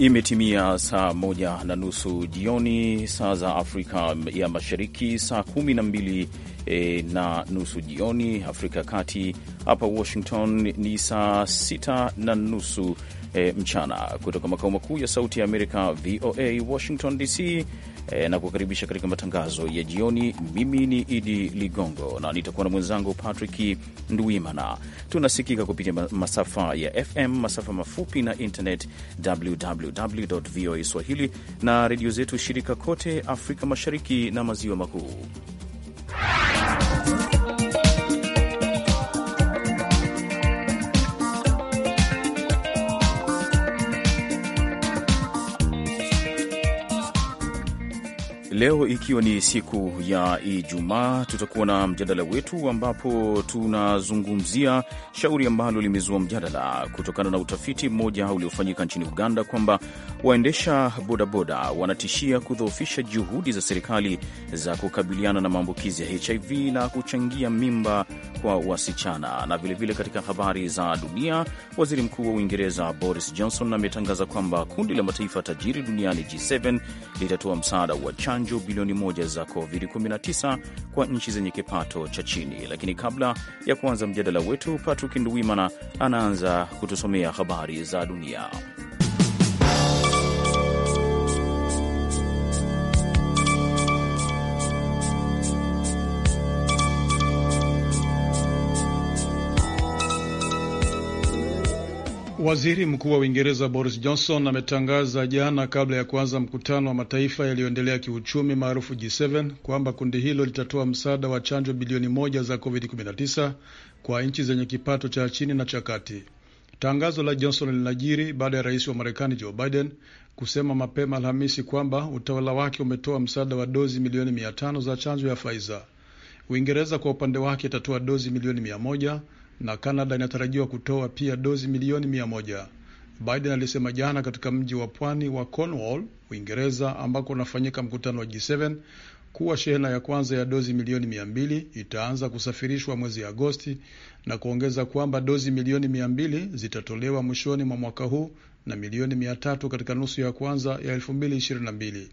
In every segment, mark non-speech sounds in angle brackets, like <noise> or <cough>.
Imetimia saa moja na nusu jioni saa za Afrika ya Mashariki, saa kumi na mbili e, na nusu jioni Afrika ya Kati. Hapa Washington ni saa sita na nusu e, mchana. Kutoka makao makuu ya Sauti ya Amerika, VOA Washington DC e, na kukaribisha katika matangazo ya jioni. Mimi ni Idi Ligongo na nitakuwa na mwenzangu Patrick nduimana Tunasikika kupitia masafa ya FM, masafa mafupi na internet, www voa swahili, na redio zetu shirika kote Afrika Mashariki na Maziwa Makuu. Leo ikiwa ni siku ya Ijumaa, tutakuwa na mjadala wetu ambapo tunazungumzia shauri ambalo limezua mjadala kutokana na utafiti mmoja uliofanyika nchini Uganda kwamba waendesha bodaboda wanatishia kudhoofisha juhudi za serikali za kukabiliana na maambukizi ya HIV na kuchangia mimba kwa wasichana. Na vilevile katika habari za dunia, waziri mkuu wa Uingereza Boris Johnson ametangaza kwamba kundi la mataifa tajiri duniani G7 litatoa msaada wa chanjo chanjo bilioni moja za COVID-19 kwa nchi zenye kipato cha chini. Lakini kabla ya kuanza mjadala wetu, Patrick Nduwimana anaanza kutusomea habari za dunia. Waziri Mkuu wa Uingereza Boris Johnson ametangaza jana kabla ya kuanza mkutano wa mataifa yaliyoendelea kiuchumi maarufu G7 kwamba kundi hilo litatoa msaada wa chanjo bilioni moja za COVID-19 kwa nchi zenye kipato cha chini na cha kati. Tangazo la Johnson linajiri baada ya rais wa Marekani Joe Biden kusema mapema Alhamisi kwamba utawala wake umetoa msaada wa dozi milioni mia tano za chanjo ya Pfizer. Uingereza kwa upande wake itatoa dozi milioni mia moja na Kanada inatarajiwa kutoa pia dozi milioni mia moja. Biden alisema jana katika mji wa pwani wa Cornwall, Uingereza, ambako unafanyika mkutano wa G7 kuwa shehena ya kwanza ya dozi milioni mia mbili itaanza kusafirishwa mwezi Agosti na kuongeza kwamba dozi milioni mia mbili zitatolewa mwishoni mwa mwaka huu na milioni mia tatu katika nusu ya kwanza ya elfu mbili ishirini na mbili.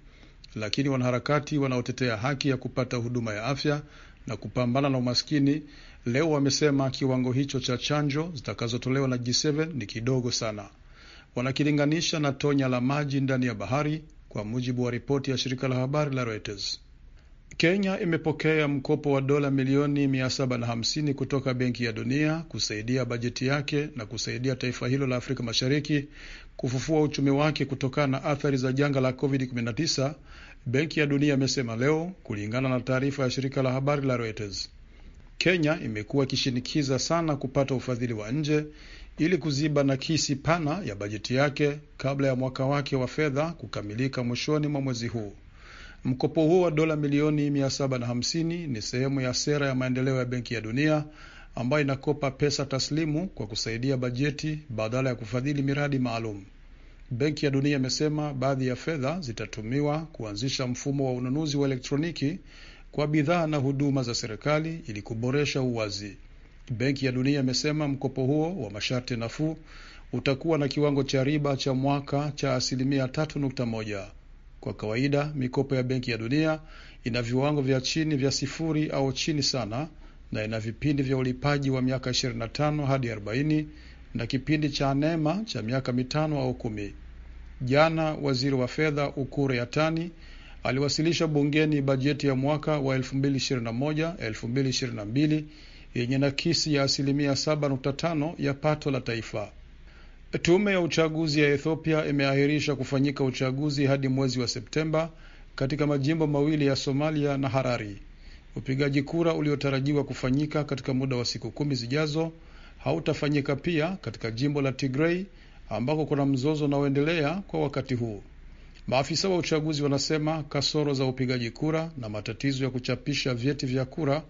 Lakini wanaharakati wanaotetea haki ya kupata huduma ya afya na kupambana na umaskini Leo wamesema kiwango hicho cha chanjo zitakazotolewa na G7 ni kidogo sana. Wanakilinganisha na tonya la maji ndani ya bahari, kwa mujibu wa ripoti ya shirika la habari la Reuters. Kenya imepokea mkopo wa dola milioni 750 kutoka Benki ya Dunia kusaidia bajeti yake na kusaidia taifa hilo la Afrika Mashariki kufufua uchumi wake kutokana na athari za janga la COVID-19, Benki ya Dunia imesema leo, kulingana na taarifa ya shirika la habari la Reuters. Kenya imekuwa ikishinikiza sana kupata ufadhili wa nje ili kuziba nakisi pana ya bajeti yake kabla ya mwaka wake wa fedha kukamilika mwishoni mwa mwezi huu. Mkopo huo wa dola milioni 750 ni sehemu ya sera ya maendeleo ya Benki ya Dunia ambayo inakopa pesa taslimu kwa kusaidia bajeti badala ya kufadhili miradi maalum. Benki ya Dunia imesema baadhi ya fedha zitatumiwa kuanzisha mfumo wa ununuzi wa elektroniki kwa bidhaa na huduma za serikali ili kuboresha uwazi. Benki ya Dunia imesema mkopo huo wa masharti nafuu utakuwa na kiwango cha riba cha mwaka cha asilimia 3.1. Kwa kawaida mikopo ya Benki ya Dunia ina viwango vya chini vya sifuri au chini sana, na ina vipindi vya ulipaji wa miaka 25 hadi 40 na kipindi cha neema cha miaka mitano au kumi. Jana waziri wa fedha Ukure Yatani aliwasilisha bungeni bajeti ya mwaka wa 2021-2022 yenye nakisi ya asilimia 7.5 ya pato la taifa. Tume ya uchaguzi ya Ethiopia imeahirisha kufanyika uchaguzi hadi mwezi wa Septemba katika majimbo mawili ya Somalia na Harari. Upigaji kura uliotarajiwa kufanyika katika muda wa siku kumi zijazo hautafanyika pia katika jimbo la tigrei ambako kuna mzozo unaoendelea kwa wakati huu. Maafisa wa uchaguzi wanasema kasoro za upigaji kura na matatizo ya kuchapisha vyeti vya kura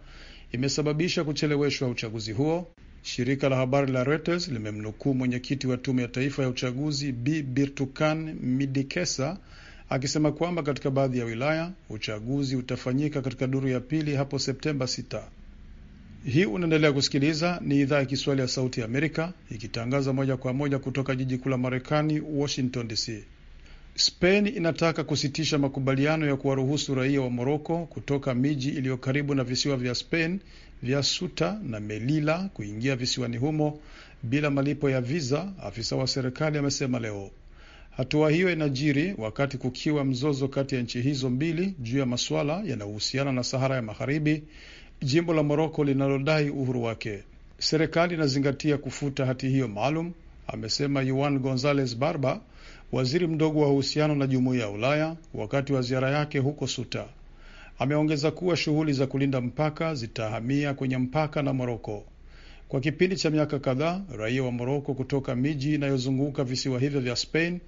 imesababisha kucheleweshwa uchaguzi huo. Shirika la habari la Reuters limemnukuu mwenyekiti wa tume ya taifa ya uchaguzi B Birtukan Midikesa akisema kwamba katika baadhi ya wilaya uchaguzi utafanyika katika duru ya pili hapo Septemba 6. Hii unaendelea kusikiliza, ni idhaa ya Kiswahili ya Sauti ya Amerika ikitangaza moja kwa moja kutoka jiji kuu la Marekani, Washington DC. Spain inataka kusitisha makubaliano ya kuwaruhusu raia wa Moroko kutoka miji iliyo karibu na visiwa vya Spain vya Suta na melila kuingia visiwani humo bila malipo ya viza, afisa wa serikali amesema leo. Hatua hiyo inajiri wakati kukiwa mzozo kati ya nchi hizo mbili juu ya masuala yanayohusiana na Sahara ya Magharibi, jimbo la Moroko linalodai uhuru wake. Serikali inazingatia kufuta hati hiyo maalum, amesema Juan Gonzalez Barba, waziri mdogo wa uhusiano na jumuiya ya Ulaya wakati wa ziara yake huko Suta. Ameongeza kuwa shughuli za kulinda mpaka zitahamia kwenye mpaka na Moroko. Kwa kipindi cha miaka kadhaa, raia wa Moroko kutoka miji inayozunguka visiwa hivyo vya Spain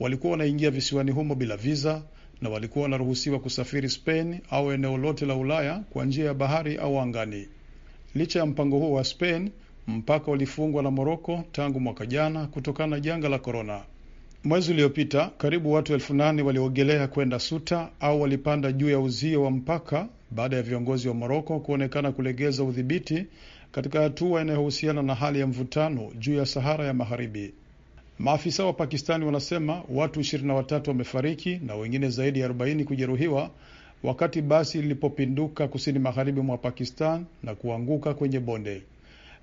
walikuwa wanaingia visiwani humo bila viza na walikuwa wanaruhusiwa kusafiri Spain au eneo lote la Ulaya kwa njia ya bahari au angani. Licha ya mpango huo wa Spain, mpaka ulifungwa na Moroko tangu mwaka jana kutokana na janga la korona. Mwezi uliopita karibu watu elfu nane waliogelea kwenda Suta au walipanda juu ya uzio wa mpaka baada ya viongozi wa Moroko kuonekana kulegeza udhibiti katika hatua inayohusiana na hali ya mvutano juu ya Sahara ya Magharibi. Maafisa wa Pakistani wanasema watu watatu wamefariki na wengine zaidi ya 4 kujeruhiwa wakati basi lilipopinduka kusini magharibi mwa Pakistan na kuanguka kwenye bonde.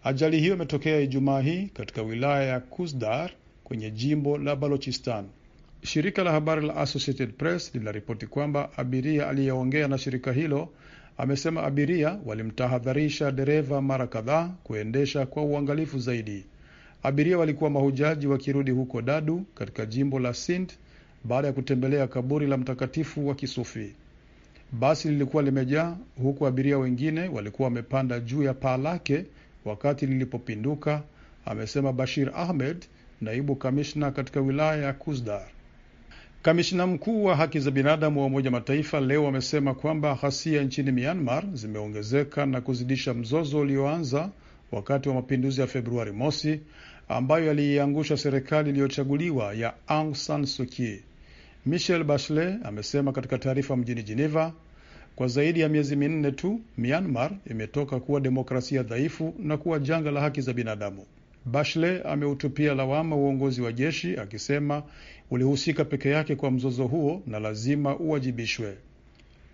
Ajali hiyo imetokea Ijumaa hii katika wilaya ya Kusdar kwenye jimbo la Balochistan. Shirika la habari la Associated Press linaripoti kwamba abiria aliyeongea na shirika hilo amesema abiria walimtahadharisha dereva mara kadhaa kuendesha kwa uangalifu zaidi. Abiria walikuwa mahujaji wakirudi huko Dadu katika jimbo la Sindh baada ya kutembelea kaburi la mtakatifu wa Kisufi. Basi lilikuwa limejaa huku abiria wengine walikuwa wamepanda juu ya paa lake wakati lilipopinduka, amesema Bashir Ahmed, naibu kamishna katika wilaya ya Kuzdar. Kamishna mkuu wa haki za binadamu wa Umoja Mataifa leo amesema kwamba ghasia nchini Myanmar zimeongezeka na kuzidisha mzozo ulioanza wakati wa mapinduzi ya Februari mosi ambayo yaliiangusha serikali iliyochaguliwa ya Aung San Suu Kyi. Michelle Bachelet amesema katika taarifa mjini Geneva, kwa zaidi ya miezi minne tu Myanmar imetoka kuwa demokrasia dhaifu na kuwa janga la haki za binadamu. Bashle ameutupia lawama uongozi wa jeshi akisema ulihusika peke yake kwa mzozo huo na lazima uwajibishwe.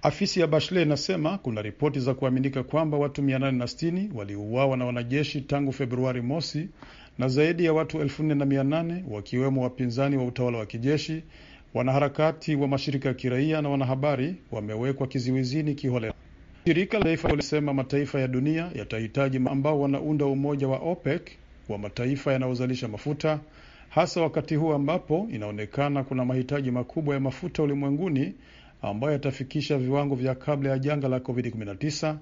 Afisi ya Bashle inasema kuna ripoti za kuaminika kwamba watu 860 waliuawa na wanajeshi tangu Februari mosi na zaidi ya watu 4800 wakiwemo wapinzani wa utawala wa kijeshi, wanaharakati wa mashirika ya kiraia na wanahabari wamewekwa kiziwizini kiholela. Shirika la Taifa lisema mataifa ya dunia yatahitaji ambao wanaunda umoja wa OPEC wa mataifa yanayozalisha mafuta, hasa wakati huu ambapo inaonekana kuna mahitaji makubwa ya mafuta ulimwenguni ambayo yatafikisha viwango vya kabla ya janga la COVID-19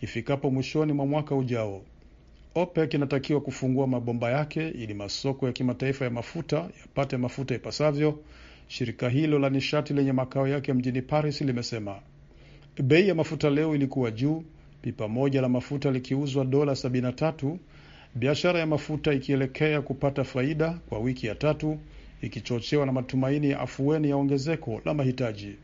ifikapo mwishoni mwa mwaka ujao. OPEC inatakiwa kufungua mabomba yake ili masoko ya kimataifa ya mafuta yapate mafuta ipasavyo, shirika hilo la nishati lenye makao yake mjini Paris limesema. Bei ya mafuta leo ilikuwa juu, pipa moja la mafuta likiuzwa dola biashara ya mafuta ikielekea kupata faida kwa wiki ya tatu ikichochewa na matumaini ya afueni ya ongezeko la mahitaji.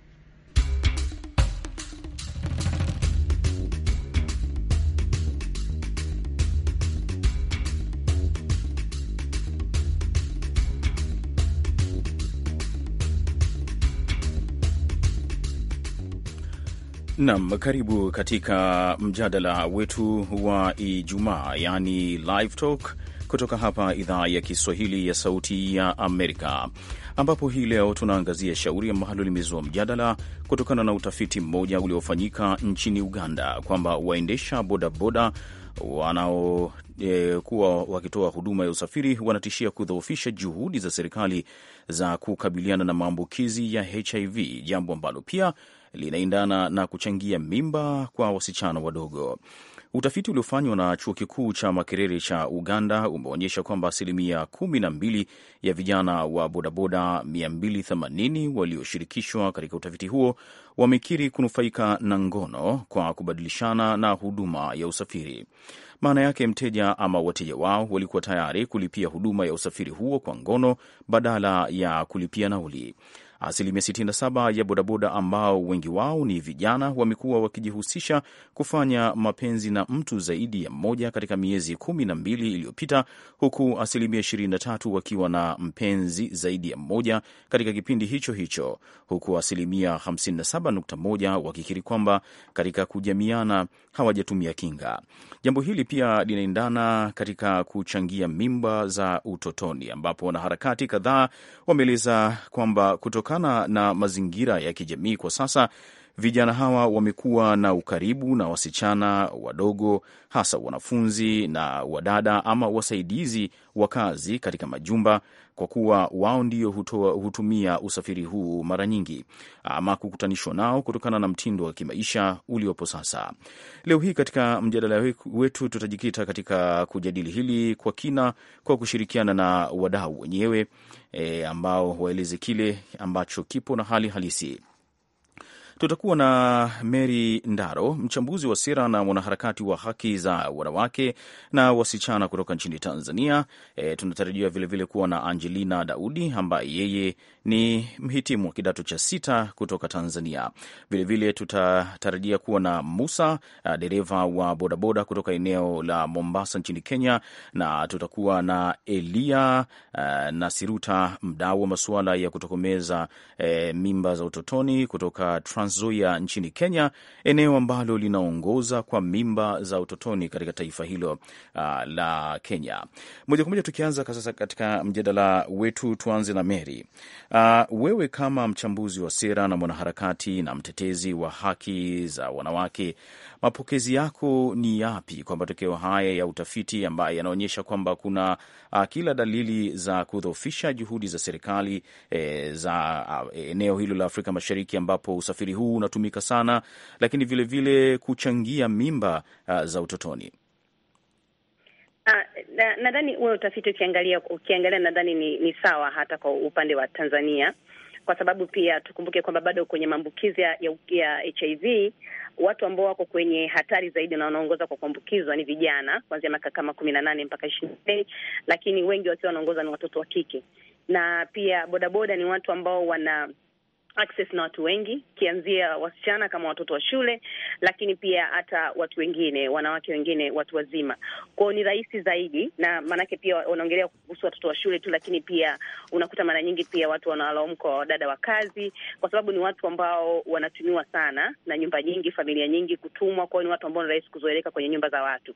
nam karibu katika mjadala wetu wa Ijumaa, yaani live talk kutoka hapa idhaa ya Kiswahili ya Sauti ya Amerika, ambapo hii leo tunaangazia shauri ambalo limezua mjadala kutokana na utafiti mmoja uliofanyika nchini Uganda kwamba waendesha bodaboda wanaokuwa e, wakitoa huduma ya usafiri wanatishia kudhoofisha juhudi za serikali za kukabiliana na maambukizi ya HIV, jambo ambalo pia linaendana na kuchangia mimba kwa wasichana wadogo. Utafiti uliofanywa na chuo kikuu cha Makerere cha Uganda umeonyesha kwamba asilimia kumi na mbili ya vijana wa bodaboda 280 walioshirikishwa katika utafiti huo wamekiri kunufaika na ngono kwa kubadilishana na huduma ya usafiri. Maana yake mteja ama wateja wao walikuwa tayari kulipia huduma ya usafiri huo kwa ngono badala ya kulipia nauli. Asilimia 67 ya bodaboda ambao wengi wao ni vijana wamekuwa wakijihusisha kufanya mapenzi na mtu zaidi ya mmoja katika miezi kumi na mbili iliyopita, huku asilimia 23 wakiwa na mpenzi zaidi ya mmoja katika kipindi hicho hicho, huku asilimia 57.1 wakikiri kwamba katika kujamiana hawajatumia kinga. Jambo hili pia linaendana katika kuchangia mimba za utotoni, ambapo wanaharakati kadhaa wameeleza kwamba kutoka kutokana na mazingira ya kijamii kwa sasa, vijana hawa wamekuwa na ukaribu na wasichana wadogo, hasa wanafunzi na wadada ama wasaidizi wa kazi katika majumba, kwa kuwa wao ndio hutumia usafiri huu mara nyingi ama kukutanishwa nao kutokana na mtindo wa kimaisha uliopo sasa. Leo hii katika mjadala wetu tutajikita katika kujadili hili kwa kina kwa kushirikiana na wadau wenyewe e, ambao waeleze kile ambacho kipo na hali halisi. Tutakuwa na Mary Ndaro, mchambuzi wa sera na mwanaharakati wa haki za wanawake na wasichana kutoka nchini Tanzania. E, tunatarajiwa vilevile kuwa na Angelina Daudi ambaye yeye ni mhitimu wa kidato cha sita kutoka Tanzania. Vilevile tutatarajia kuwa na Musa eh, dereva wa bodaboda kutoka eneo la Mombasa nchini Kenya, na tutakuwa na Elia eh, na Siruta, mdau wa masuala ya kutokomeza e, mimba za utotoni kutoka Transzoia nchini Kenya, eneo ambalo linaongoza kwa mimba za utotoni katika taifa hilo a, ah, la Kenya. Moja kwa moja tukianza sasa katika mjadala wetu, tuanze na Meri. Uh, wewe kama mchambuzi wa sera na mwanaharakati na mtetezi wa haki za wanawake, mapokezi yako ni yapi kwa matokeo haya ya utafiti ambayo yanaonyesha kwamba kuna uh, kila dalili za kudhoofisha juhudi za serikali eh, za uh, eneo hilo la Afrika Mashariki ambapo usafiri huu unatumika sana, lakini vilevile vile kuchangia mimba uh, za utotoni? Ah, nadhani na huo utafiti ukiangalia ukiangalia nadhani ni, ni sawa hata kwa upande wa Tanzania kwa sababu pia tukumbuke kwamba bado kwenye maambukizi ya, ya HIV watu ambao wako kwenye hatari zaidi na wanaongoza kwa kuambukizwa ni vijana kuanzia miaka kama kumi na nane mpaka ishirini, lakini wengi wakiwa wanaongoza ni watoto wa kike, na pia bodaboda ni watu ambao wana access na watu wengi, kianzia wasichana kama watoto wa shule, lakini pia hata watu wengine, wanawake wengine, watu wazima. Kwao ni rahisi zaidi, na maanake pia wanaongelea kuhusu watoto wa shule tu, lakini pia unakuta mara nyingi pia watu wanawalaumu kwa wadada wa kazi, kwa sababu ni watu ambao wanatumiwa sana na nyumba nyingi, familia nyingi, kutumwa. Kwao ni watu ambao ni rahisi kuzoeleka kwenye nyumba za watu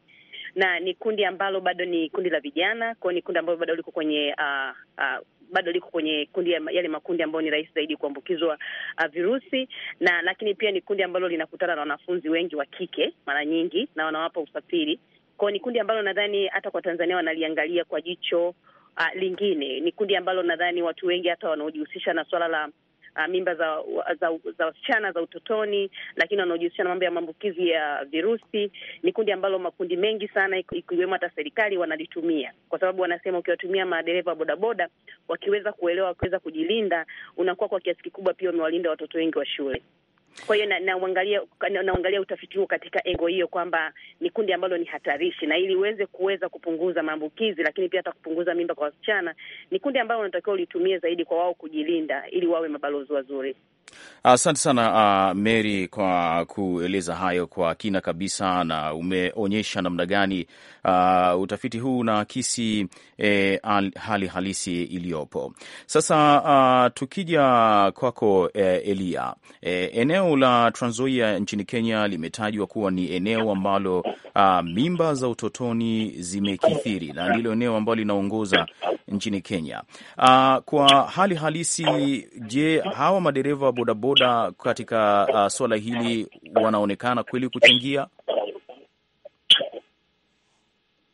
na ni kundi ambalo bado ni kundi la vijana kwao, ni kundi ambalo bado liko kwenye uh, uh, bado liko kwenye kundi ya, yale makundi ambayo ni rahisi zaidi kuambukizwa uh, virusi na lakini pia ni kundi ambalo linakutana na wanafunzi wengi wa kike mara nyingi na wanawapa usafiri kwao. Ni kundi ambalo nadhani hata kwa Tanzania wanaliangalia kwa jicho uh, lingine. Ni kundi ambalo nadhani watu wengi hata wanaojihusisha na swala la uh, mimba za wasichana za, za, za utotoni, lakini wanaojihusisha na mambo ya maambukizi ya virusi ni kundi ambalo makundi mengi sana ikiwemo hata serikali wanalitumia, kwa sababu wanasema ukiwatumia madereva bodaboda, wakiweza kuelewa, wakiweza kujilinda, unakuwa kwa kiasi kikubwa pia wamewalinda watoto wengi wa shule. Kwa hiyo nauangalia na na utafiti huo katika engo hiyo kwamba ni kundi ambalo ni hatarishi, na ili uweze kuweza kupunguza maambukizi, lakini pia hata kupunguza mimba kwa wasichana, ni kundi ambalo unatakiwa ulitumie zaidi kwa wao kujilinda, ili wawe mabalozi wazuri. Asante sana uh, Mary kwa kueleza hayo kwa kina kabisa, na umeonyesha namna gani uh, utafiti huu unaakisi eh, hali halisi iliyopo sasa. Uh, tukija kwako eh, Elia eh, eneo Eneo la Trans Nzoia nchini Kenya limetajwa kuwa ni eneo ambalo uh, mimba za utotoni zimekithiri na ndilo eneo ambalo linaongoza nchini Kenya. Uh, kwa hali halisi, je, hawa madereva wa bodaboda katika uh, ah, suala hili wanaonekana kweli kuchangia?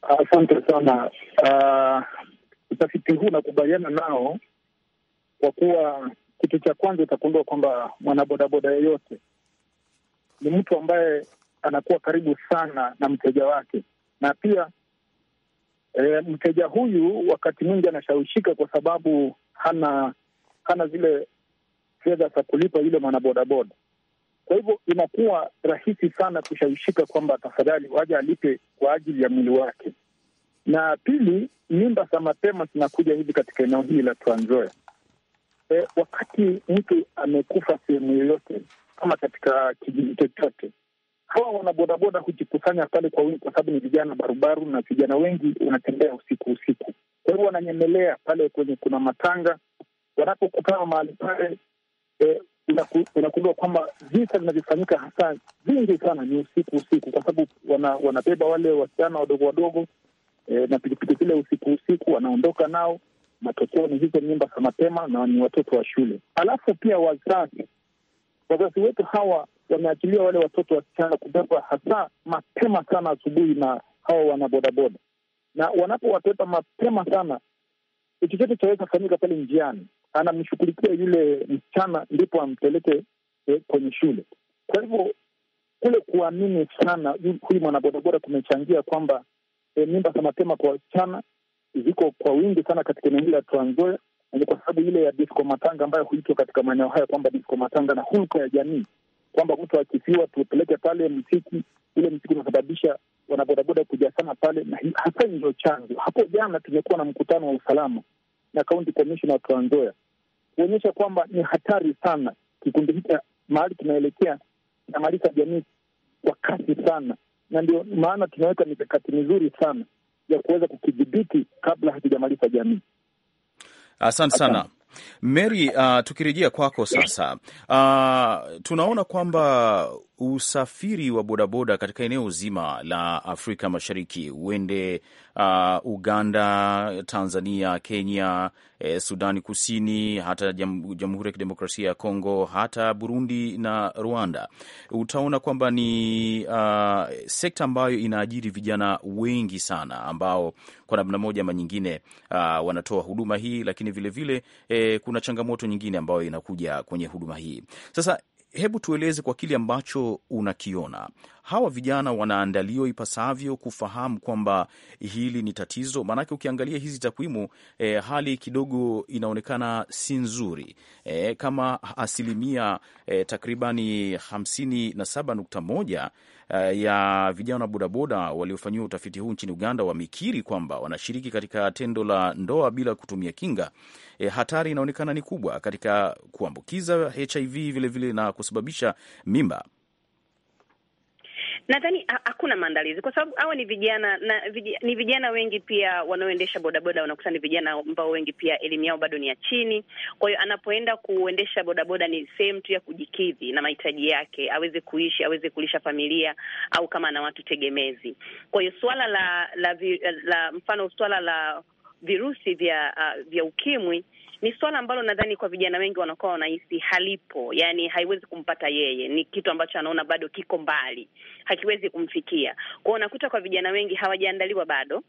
Asante sana. Utafiti uh, huu unakubaliana nao kwa kuwa kitu cha kwanza utagundua kwamba mwanabodaboda yeyote ni mtu ambaye anakuwa karibu sana na mteja wake, na pia e, mteja huyu wakati mwingi anashawishika kwa sababu hana hana zile fedha za kulipa yule mwanabodaboda. Kwa hivyo inakuwa rahisi sana kushawishika kwamba tafadhali waja alipe kwa ajili ya mwili wake. Na pili, mimba za mapema zinakuja hivi katika eneo hili la Trans Nzoia. E, wakati mtu amekufa sehemu yoyote kama katika kijiji chochote, hawa wanabodaboda hujikusanya pale kwa wingi, kwa sababu ni vijana barubaru na vijana wengi wanatembea usiku usiku. Kwa hivyo wananyemelea pale kwenye kuna matanga, wanapokutana mahali pale e, unakundua kwamba visa vinavyofanyika hasa vingi sana ni usiku usiku, kwa sababu wana, wanabeba wale wasichana wadogo wadogo e, na pikipiki zile usiku usiku, wanaondoka nao matokeo ni hizo mimba za mapema na ni watoto wa shule. Alafu pia wazazi, wazazi wetu hawa wameachilia wale watoto wasichana kubeba hasa mapema sana asubuhi na hawa wanabodaboda, na wanapowabeba mapema sana, chochote chaweza fanyika pale njiani, anamshughulikia yule msichana ndipo ampeleke eh, kwenye shule. Kwa hivyo kule kuamini sana huyu mwanabodaboda kumechangia kwamba eh, mimba za mapema kwa wasichana ziko kwa wingi sana katika eneo hili la Trans Nzoia, ni kwa sababu ile ya disco matanga ambayo huitwa katika maeneo haya kwamba disco matanga na hulka ya jamii kwamba mtu akifiwa tupeleke pale msiki ule msiki unasababisha wanabodaboda kujasana pale, na hasa ndio chanzo. Hapo jana tumekuwa na mkutano wa usalama na kaunti komishona wa Trans Nzoia kuonyesha kwamba ni hatari sana kikundi hiki mahali kinaelekea, inamaliza jamii kwa kasi sana, na ndio maana tunaweka mikakati mizuri sana ya kuweza kukidhibiti kabla hatujamaliza jamii. Asante sana Mary. Uh, tukirejea kwako sasa, uh, tunaona kwamba usafiri wa bodaboda katika eneo zima la Afrika Mashariki uende uh, Uganda, Tanzania, Kenya, eh, Sudani Kusini, hata Jamhuri ya Kidemokrasia ya Kongo, hata Burundi na Rwanda, utaona kwamba ni uh, sekta ambayo inaajiri vijana wengi sana ambao kwa namna moja ama nyingine uh, wanatoa huduma hii, lakini vilevile vile, eh, kuna changamoto nyingine ambayo inakuja kwenye huduma hii sasa. Hebu tueleze kwa kile ambacho unakiona hawa vijana wanaandaliwa ipasavyo kufahamu kwamba hili ni tatizo? Maanake ukiangalia hizi takwimu e, hali kidogo inaonekana si nzuri e, kama asilimia e, takribani hamsini na saba nukta moja ya vijana wa bodaboda waliofanyiwa utafiti huu nchini Uganda wamekiri kwamba wanashiriki katika tendo la ndoa bila kutumia kinga. E, hatari inaonekana ni kubwa katika kuambukiza HIV vilevile vile na kusababisha mimba. Nadhani hakuna maandalizi kwa sababu hawa ni vijana na vijana, ni vijana wengi pia wanaoendesha bodaboda, unakuta ni vijana ambao wengi pia elimu yao bado ni ya chini. Kwa hiyo anapoenda kuendesha bodaboda ni sehemu tu ya kujikidhi na mahitaji yake, aweze kuishi, aweze kulisha familia, au kama ana watu tegemezi. Kwa hiyo swala la la, la, la mfano swala la virusi vya uh, vya ukimwi ni swala ambalo nadhani kwa vijana wengi wanakuwa wanahisi halipo, yani haiwezi kumpata yeye, ni kitu ambacho anaona bado kiko mbali, hakiwezi kumfikia kwao. Unakuta kwa vijana wengi hawajaandaliwa bado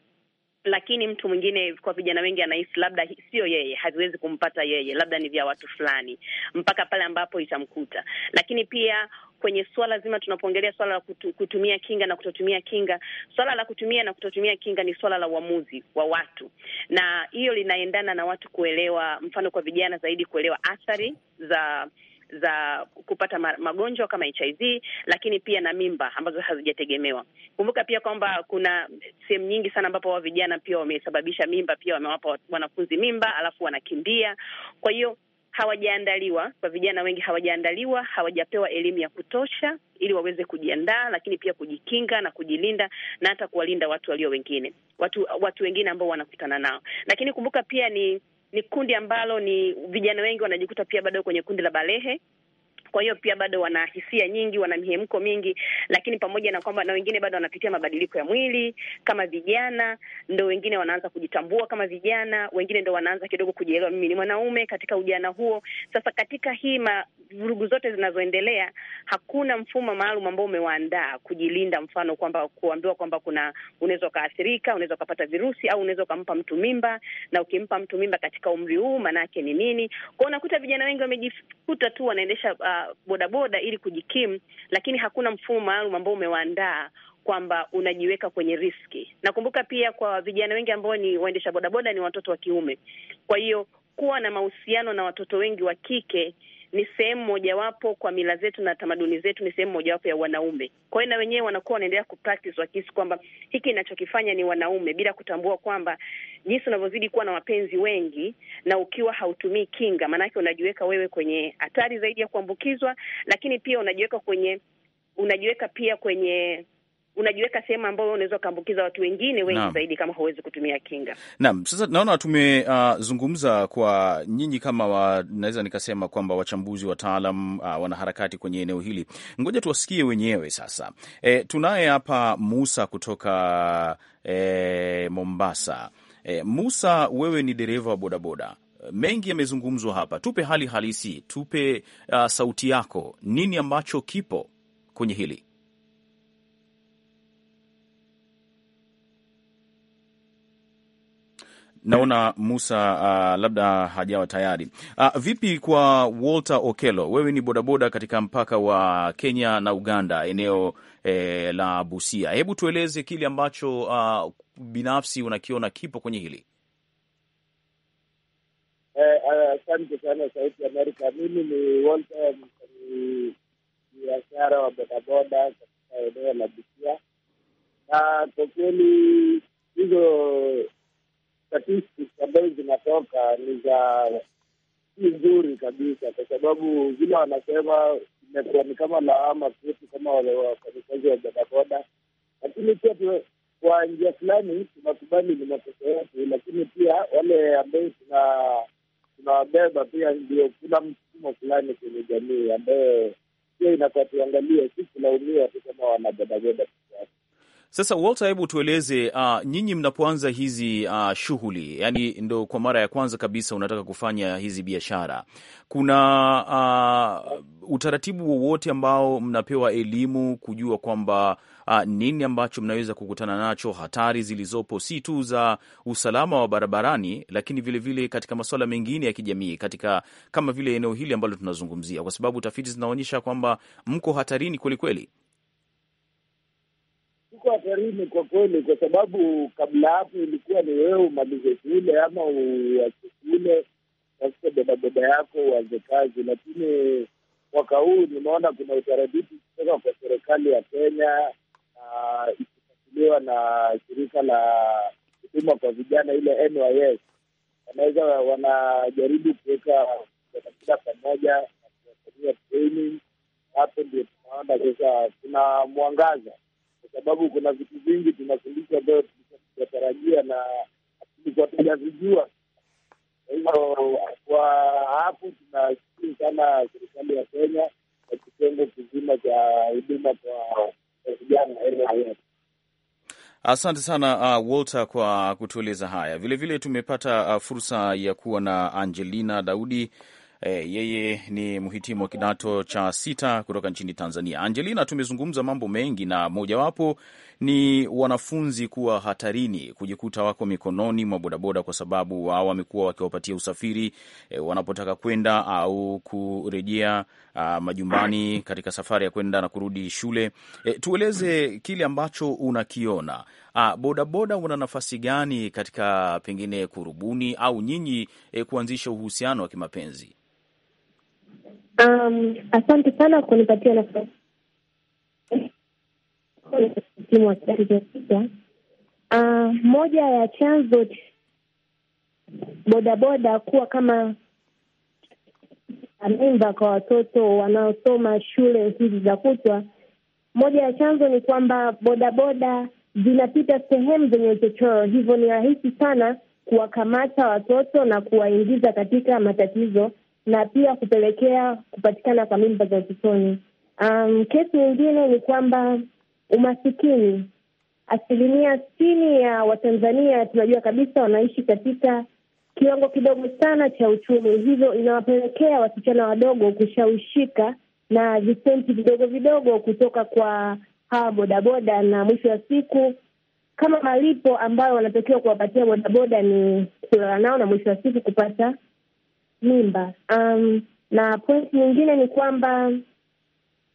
lakini mtu mwingine, kwa vijana wengi anahisi labda sio yeye, haviwezi kumpata yeye, labda ni vya watu fulani, mpaka pale ambapo itamkuta. Lakini pia kwenye swala zima, tunapoongelea swala la kutu, kutumia kinga na kutotumia kinga, swala la kutumia na kutotumia kinga ni swala la uamuzi wa watu, na hiyo linaendana na watu kuelewa, mfano kwa vijana zaidi kuelewa athari za za kupata magonjwa kama HIV lakini pia na mimba ambazo hazijategemewa. Kumbuka pia kwamba kuna sehemu nyingi sana ambapo wao vijana pia wamesababisha mimba, pia wamewapa wanafunzi mimba alafu wanakimbia. Kwa hiyo hawajaandaliwa. Kwa vijana wengi hawajaandaliwa, hawajapewa elimu ya kutosha ili waweze kujiandaa, lakini pia kujikinga na kujilinda na hata kuwalinda watu walio wengine, watu watu wengine ambao wanakutana nao. Lakini kumbuka pia ni ni kundi ambalo ni vijana wengi wanajikuta pia bado kwenye kundi la balehe, kwa hiyo pia bado wana hisia nyingi, wana mihemko mingi, lakini pamoja na kwamba na wengine bado wanapitia mabadiliko ya mwili kama vijana, ndo wengine wanaanza kujitambua kama vijana, wengine ndo wanaanza kidogo kujielewa, mimi ni mwanaume katika ujana huo. Sasa katika hii vurugu zote zinazoendelea, hakuna mfumo maalum ambao umewaandaa kujilinda, mfano kwamba kuambiwa kwamba kuna unaweza ukaathirika, unaweza ukapata virusi au unaweza ukampa mtu mimba, na ukimpa mtu mimba katika umri huu maana yake ni nini? Kwao unakuta vijana wengi wamejikuta tu wanaendesha uh, bodaboda ili kujikimu, lakini hakuna mfumo maalum ambao umewaandaa kwamba unajiweka kwenye riski. Nakumbuka pia kwa vijana wengi ambao ni waendesha bodaboda ni watoto wa kiume, kwa hiyo kuwa na mahusiano na watoto wengi wa kike ni sehemu mojawapo kwa mila zetu na tamaduni zetu, ni sehemu mojawapo ya wanaume. Kwa hiyo na wenyewe wanakuwa wanaendelea kupractice wakihisi kwamba hiki inachokifanya ni wanaume, bila kutambua kwamba jinsi unavyozidi kuwa na wapenzi wengi na ukiwa hautumii kinga, maanake unajiweka wewe kwenye hatari zaidi ya kuambukizwa, lakini pia unajiweka kwenye unajiweka pia kwenye unajiweka sehemu ambayo unaweza ukaambukiza watu wengine wengi Naam. zaidi kama huwezi kutumia kinga. Naam, sasa naona tumezungumza uh, kwa nyinyi kama wa, naweza nikasema kwamba wachambuzi, wataalam, uh, wanaharakati kwenye eneo hili, ngoja tuwasikie wenyewe sasa. E, tunaye hapa Musa kutoka e, Mombasa. E, Musa, wewe ni dereva wa bodaboda mengi yamezungumzwa hapa, tupe hali halisi, tupe uh, sauti yako, nini ambacho kipo kwenye hili? Naona Musa uh, labda hajawa tayari. Uh, vipi kwa Walter Okelo, wewe ni bodaboda katika mpaka wa Kenya na Uganda, eneo eh, la Busia. Hebu tueleze kile ambacho uh, binafsi unakiona kipo kwenye hili. Eh, asante eh, uh, sana Sauti ya Amerika. Mimi ni Walter, ni biashara wa bodaboda katika eneo la Busia, na kwa kweli hizo statistics ambazo zinatoka ni za si nzuri kabisa, kwa sababu vile wanasema imekuwa ni kama lawama kwetu kama wale wa bodaboda, lakini pia kwa njia fulani tunakubali ni matoto yetu, lakini pia wale ambayo tuna tunawabeba pia ndio kuna msukumo fulani kwenye jamii ambayo pia inakuwa tuangalie, si kulaumiwa tu kama wanabodaboda peke yake. Sasa Walter, hebu tueleze uh, nyinyi mnapoanza hizi uh, shughuli, yani ndo kwa mara ya kwanza kabisa unataka kufanya hizi biashara, kuna uh, utaratibu wowote ambao mnapewa elimu kujua kwamba uh, nini ambacho mnaweza kukutana nacho, hatari zilizopo, si tu za usalama wa barabarani, lakini vilevile vile katika masuala mengine ya kijamii, katika kama vile eneo hili ambalo tunazungumzia, kwa sababu tafiti zinaonyesha kwamba mko hatarini kwelikweli tuko hatarini kwa kweli, kwa sababu kabla hapo ilikuwa ni wewe umalize shule ama uache shule, tafute bodaboda yako uanze kazi, lakini mwaka huu nimeona kuna utaratibu kutoka kwa serikali ya Kenya na ikifuatiliwa na shirika la huduma kwa vijana ile NYS, wanaweza wanajaribu kuweka bodaboda pamoja na kuwafanyia training. Hapo ndio tunaona sasa kuna mwangaza sababu kuna vitu vingi tunafundishwa ambayo tunatarajia na tulikuwa tunavijua. Kwa hivyo kwa hapo tunashukuru sana serikali ya Kenya kwa kitengo kizima cha huduma kwa vijana NIS. Asante sana uh, Walter kwa kutueleza haya. Vilevile vile tumepata uh, fursa ya kuwa na Angelina Daudi Eh, yeye ni mhitimu wa kidato cha sita kutoka nchini Tanzania. Angelina, tumezungumza mambo mengi na mojawapo ni wanafunzi kuwa hatarini kujikuta wako mikononi mwa bodaboda kwa sababu wao wamekuwa wakiwapatia usafiri e, wanapotaka kwenda au kurejea a, ah, majumbani katika safari ya kwenda na kurudi shule. E, tueleze kile ambacho unakiona. Ah, bodaboda una nafasi gani katika pengine kurubuni au nyinyi e, kuanzisha uhusiano wa kimapenzi? Um, asante sana kunipatia nafasi timu wa cha sita. Uh, moja ya chanzo bodaboda kuwa kama mimba kwa watoto wanaosoma shule hizi za kutwa, moja ya chanzo ni kwamba bodaboda zinapita sehemu zenye uchochoro, hivyo ni rahisi sana kuwakamata watoto na kuwaingiza katika matatizo na pia kupelekea kupatikana kwa mimba za utotoni. Um, kesi nyingine ni kwamba umasikini. Asilimia sitini ya Watanzania tunajua kabisa wanaishi katika kiwango kidogo sana cha uchumi, hivyo inawapelekea wasichana wadogo kushawishika na visenti vidogo vidogo kutoka kwa hawa bodaboda, na mwisho wa siku kama malipo ambayo wanatakiwa kuwapatia bodaboda ni kulala nao, na mwisho wa siku kupata mimba. Um, na pointi nyingine ni kwamba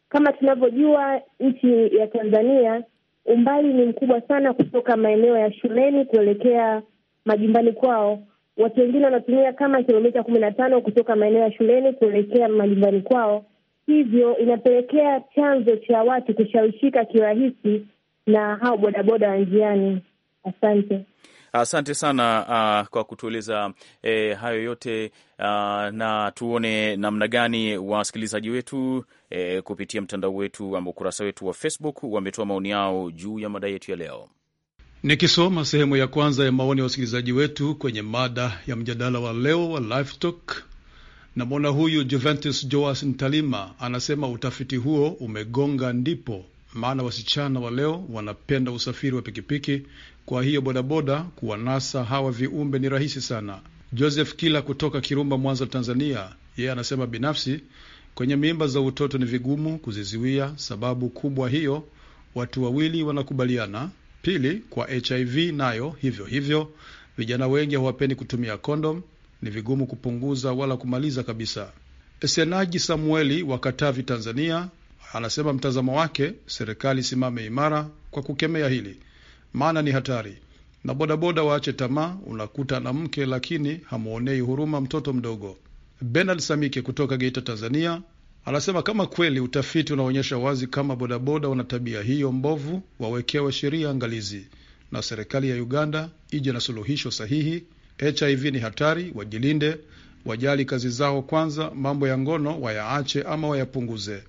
kama tunavyojua nchi ya Tanzania umbali ni mkubwa sana kutoka maeneo ya shuleni kuelekea majumbani kwao. Watu wengine wanatumia kama kilomita kumi na tano kutoka maeneo ya shuleni kuelekea majumbani kwao, hivyo inapelekea chanzo cha watu kushawishika kirahisi na hao bodaboda wa njiani. Asante. Asante sana uh, kwa kutueleza eh, hayo yote uh, na tuone namna gani wasikilizaji wetu eh, kupitia mtandao wetu ama ukurasa wetu wa Facebook wametoa maoni yao juu ya mada yetu ya leo. Nikisoma sehemu ya kwanza ya maoni ya wasikilizaji wetu kwenye mada ya mjadala wa leo wa Live Talk, namwona huyu Juventus Joas Ntalima anasema utafiti huo umegonga ndipo maana wasichana wa leo wanapenda usafiri wa pikipiki kwa hiyo bodaboda kuwanasa hawa viumbe ni rahisi sana. Joseph Kila kutoka Kirumba, Mwanza, Tanzania, yeye anasema binafsi, kwenye mimba za utoto ni vigumu kuziziwia sababu kubwa hiyo, watu wawili wanakubaliana. Pili, kwa HIV nayo hivyo hivyo, vijana wengi hawapendi kutumia kondom, ni vigumu kupunguza wala kumaliza kabisa. Senaji Samueli wa Katavi, Tanzania, anasema mtazamo wake, serikali simame imara kwa kukemea hili maana ni hatari. Na bodaboda waache tamaa, unakuta na mke lakini hamwonei huruma mtoto mdogo. Benard Samike kutoka Geita, Tanzania anasema kama kweli utafiti unaonyesha wazi kama bodaboda wana tabia hiyo mbovu, wawekewe sheria angalizi na serikali ya Uganda ije na suluhisho sahihi. HIV ni hatari, wajilinde, wajali kazi zao kwanza, mambo ya ngono wayaache ama wayapunguze.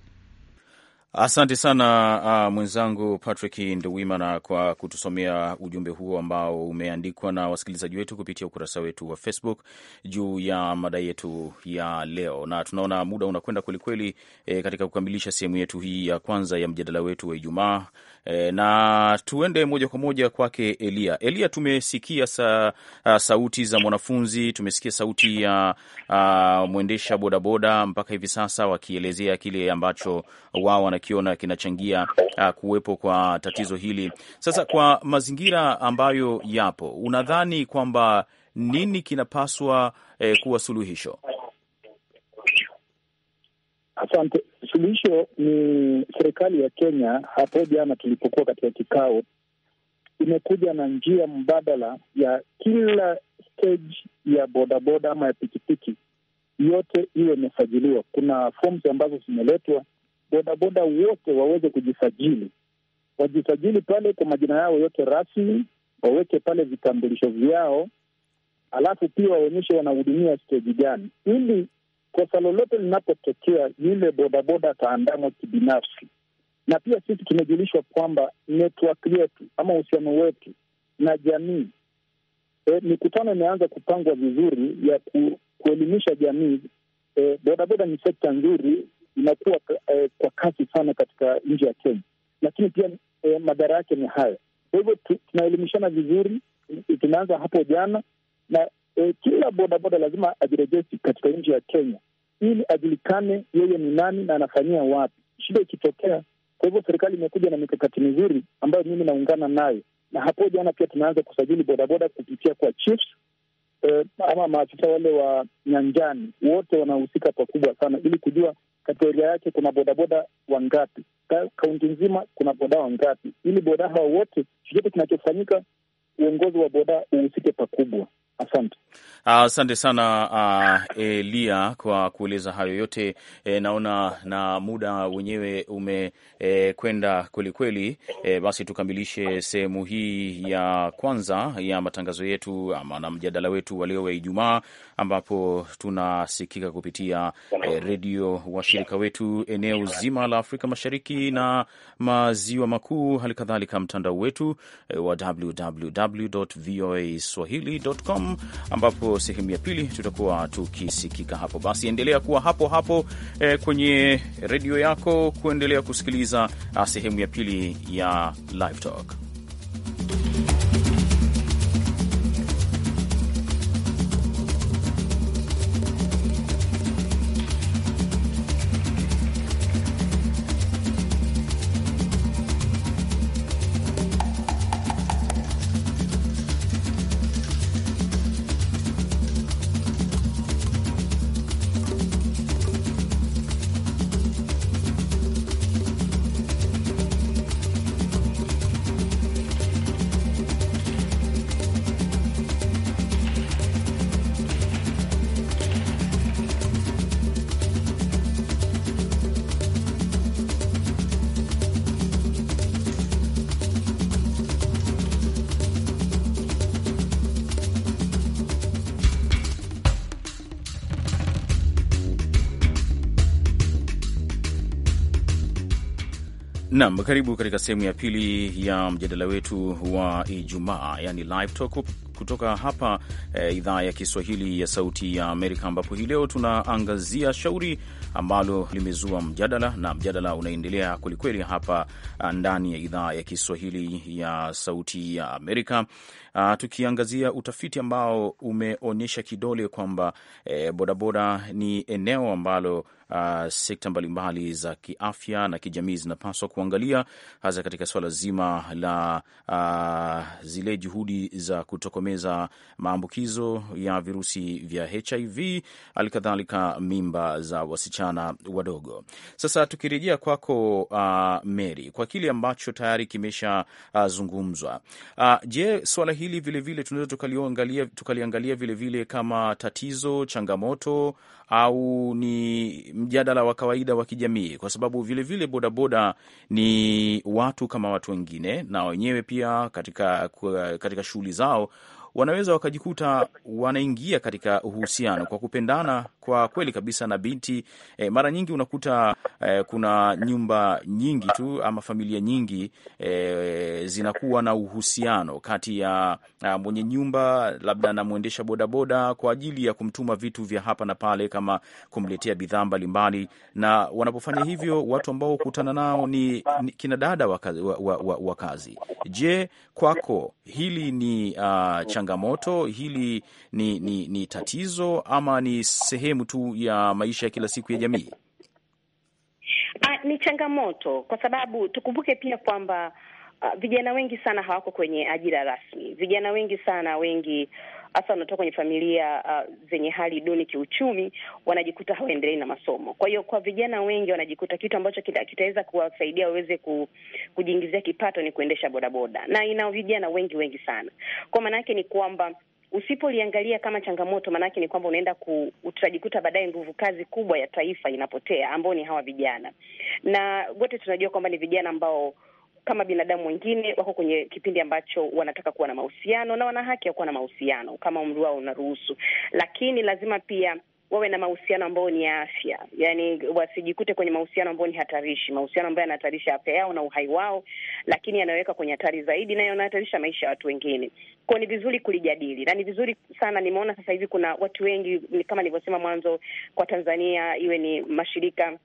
Asante sana uh, mwenzangu Patrick Nduwimana kwa kutusomea ujumbe huo ambao umeandikwa na wasikilizaji wetu kupitia ukurasa wetu wa Facebook juu ya mada yetu ya leo, na tunaona muda unakwenda kwelikweli. eh, katika kukamilisha sehemu yetu hii ya kwanza ya mjadala wetu wa Ijumaa e, na tuende moja kwa moja kwake Elia. Elia, tumesikia sa, a, sauti za mwanafunzi, tumesikia sauti ya mwendesha bodaboda mpaka hivi sasa wakielezea kile ambacho wao wanakiona kinachangia a, kuwepo kwa tatizo hili. Sasa kwa mazingira ambayo yapo, unadhani kwamba nini kinapaswa e, kuwa suluhisho? Asante. Suluhisho ni serikali ya Kenya, hapo jana tulipokuwa katika kikao, imekuja na njia mbadala ya kila stage ya bodaboda ama ya pikipiki yote iwe imesajiliwa. Kuna forms ambazo zimeletwa, bodaboda wote waweze kujisajili, wajisajili pale kwa majina yao yote rasmi, waweke pale vitambulisho vyao, alafu pia waonyeshe wanahudumia steji gani, ili kosa lolote linapotokea, yule bodaboda ataandamwa kibinafsi. Na pia sisi tumejulishwa kwamba network yetu ama uhusiano wetu na jamii e, mikutano imeanza kupangwa vizuri ya ku, kuelimisha jamii e, bodaboda ni sekta nzuri, inakuwa e, kwa kasi sana katika nchi ya Kenya, lakini pia e, madhara yake ni haya. Kwa hivyo tunaelimishana vizuri, tumeanza hapo jana na e, kila bodaboda lazima ajirejesti katika nchi ya Kenya ili ajulikane yeye ni nani na anafanyia wapi, shida ikitokea. Kwa hivyo serikali imekuja na mikakati mizuri ambayo mimi naungana nayo, na hapo jana pia tumeanza kusajili bodaboda kupitia kwa chiefs, e, ama maafisa wale wa nyanjani, wote wanahusika pakubwa sana ili kujua katika eria yake kuna bodaboda wangapi, kaunti nzima kuna boda wangapi, ili boda hawa wote, chochote kinachofanyika, uongozi wa boda uhusike pakubwa. Asante. Asante uh, sana uh, Elia kwa kueleza hayo yote e, naona na muda wenyewe umekwenda e, kwelikweli. E, basi tukamilishe sehemu hii ya kwanza ya matangazo yetu ama na mjadala wetu wa leo wa Ijumaa ambapo tunasikika kupitia eh, redio washirika wetu eneo zima la Afrika Mashariki na maziwa makuu, hali kadhalika mtandao wetu eh, wa www.voaswahili.com, ambapo sehemu ya pili tutakuwa tukisikika hapo. Basi endelea kuwa hapo hapo eh, kwenye redio yako kuendelea kusikiliza ah, sehemu ya pili ya Live Talk. Nam, karibu katika sehemu ya pili ya mjadala wetu wa Ijumaa, yani live talk kutoka hapa e, idhaa ya Kiswahili ya Sauti ya Amerika, ambapo hii leo tunaangazia shauri ambalo limezua mjadala na mjadala unaendelea kwelikweli hapa ah, ndani ya idhaa ya Kiswahili ya Sauti ya Amerika uh, tukiangazia utafiti ambao umeonyesha kidole kwamba eh, bodaboda ni eneo ambalo Uh, sekta mbalimbali za kiafya na kijamii zinapaswa kuangalia hasa katika swala zima la uh, zile juhudi za kutokomeza maambukizo ya virusi vya HIV, halikadhalika mimba za wasichana wadogo. Sasa tukirejea kwako, uh, Mary, kwa kile ambacho tayari kimeshazungumzwa, uh, je, swala hili hili vilevile tunaweza tukaliangalia tukaliangalia vilevile kama tatizo, changamoto au ni mjadala wa kawaida wa kijamii, kwa sababu vilevile bodaboda ni watu kama watu wengine, na wenyewe pia katika, katika shughuli zao wanaweza wakajikuta wanaingia katika uhusiano kwa kupendana kwa kweli kabisa na binti e, mara nyingi unakuta e, kuna nyumba nyingi tu ama familia nyingi e, zinakuwa na uhusiano kati ya ah, mwenye nyumba labda na mwendesha bodaboda kwa ajili ya kumtuma vitu vya hapa na pale, kama kumletea bidhaa mbalimbali, na wanapofanya hivyo watu ambao hukutana nao ni, ni kina dada wa, wa, wa, wa kazi. Je, kwako hili ni uh, changamoto hili ni, ni, ni tatizo ama ni sehemu tu ya maisha ya kila siku ya jamii? A, ah, ni changamoto kwa sababu tukumbuke pia kwamba uh, vijana wengi sana hawako kwenye ajira rasmi. Vijana wengi sana wengi hasa wanatoka kwenye familia uh, zenye hali duni kiuchumi, wanajikuta hawaendelei na masomo. Kwa hiyo kwa vijana wengi wanajikuta kitu ambacho kitaweza kuwasaidia waweze ku, kujiingizia kipato ni kuendesha bodaboda, na ina vijana wengi wengi sana. Kwa maana yake ni kwamba usipoliangalia kama changamoto, maanake ni kwamba unaenda ku, utajikuta baadaye nguvu kazi kubwa ya taifa inapotea, ambao ni hawa vijana, na wote tunajua kwamba ni vijana ambao kama binadamu wengine wako kwenye kipindi ambacho wanataka kuwa na mahusiano na wana haki ya kuwa na mahusiano kama umri wao unaruhusu, lakini lazima pia wawe na mahusiano ambayo ni afya, yani wasijikute kwenye mahusiano ambayo ni hatarishi, mahusiano ambayo yanahatarisha afya yao na uhai wao, lakini yanaweka kwenye hatari zaidi na yanahatarisha maisha ya watu wengine. Kwao ni vizuri kulijadili na ni vizuri sana. Nimeona sasa hivi kuna watu wengi, kama nilivyosema mwanzo, kwa Tanzania iwe ni mashirika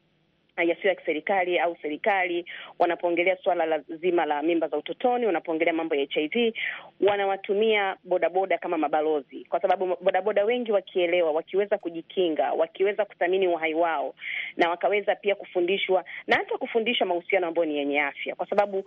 yasiyo ya kiserikali au serikali, wanapoongelea suala la zima la mimba za utotoni, wanapoongelea mambo ya HIV, wanawatumia bodaboda kama mabalozi, kwa sababu bodaboda wengi wakielewa, wakiweza kujikinga, wakiweza kuthamini uhai wao, na wakaweza pia kufundishwa na hata kufundisha mahusiano ambayo ni yenye afya, kwa sababu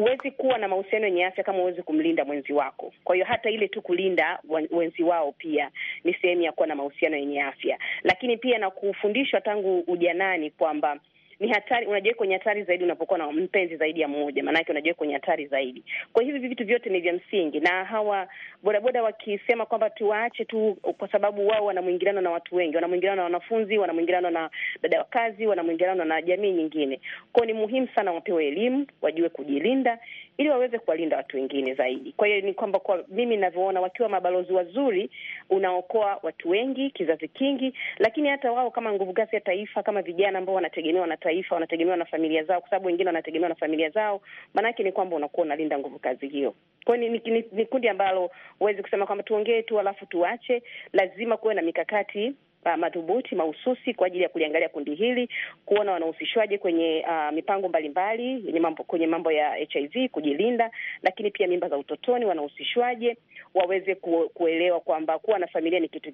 huwezi kuwa na mahusiano yenye afya kama huwezi kumlinda mwenzi wako. Kwa hiyo hata ile tu kulinda wenzi wao pia ni sehemu ya kuwa na mahusiano yenye afya, lakini pia na kufundishwa tangu ujanani kwamba ni hatari, unajiweka kwenye hatari zaidi unapokuwa na mpenzi zaidi ya mmoja, maanake unajiweka kwenye hatari zaidi. Kwa hivi vitu vyote ni vya msingi, na hawa bodaboda wakisema kwamba tuwaache tu, kwa sababu wao wana mwingiliano na watu wengi, wana mwingiliano na wanafunzi, wana mwingiliano na dada wa kazi, wana mwingiliano na jamii nyingine. Kwao ni muhimu sana wapewe elimu, wajue kujilinda ili waweze kuwalinda watu wengine zaidi. Kwa hiyo ni kwamba kwa mimi ninavyoona, wakiwa mabalozi wazuri, unaokoa watu wengi, kizazi kingi, lakini hata wao kama nguvu gasi ya taifa, kama vijana ambao wanategemewa na taifa, wanategemewa na familia zao, kwa sababu wengine wanategemewa na familia zao. Maanake ni kwamba unakuwa unalinda nguvu kazi hiyo. Kwa hiyo ni, ni, ni, ni kundi ambalo huwezi kusema kwamba tuongee tu alafu tuache, lazima kuwe na mikakati Uh, madhubuti mahususi kwa ajili ya kuliangalia kundi hili, kuona wanahusishwaje kwenye uh, mipango mbalimbali kwenye mambo, kwenye mambo ya HIV kujilinda, lakini pia mimba za utotoni wanahusishwaje, waweze kuelewa kwamba kuwa na familia ni kitu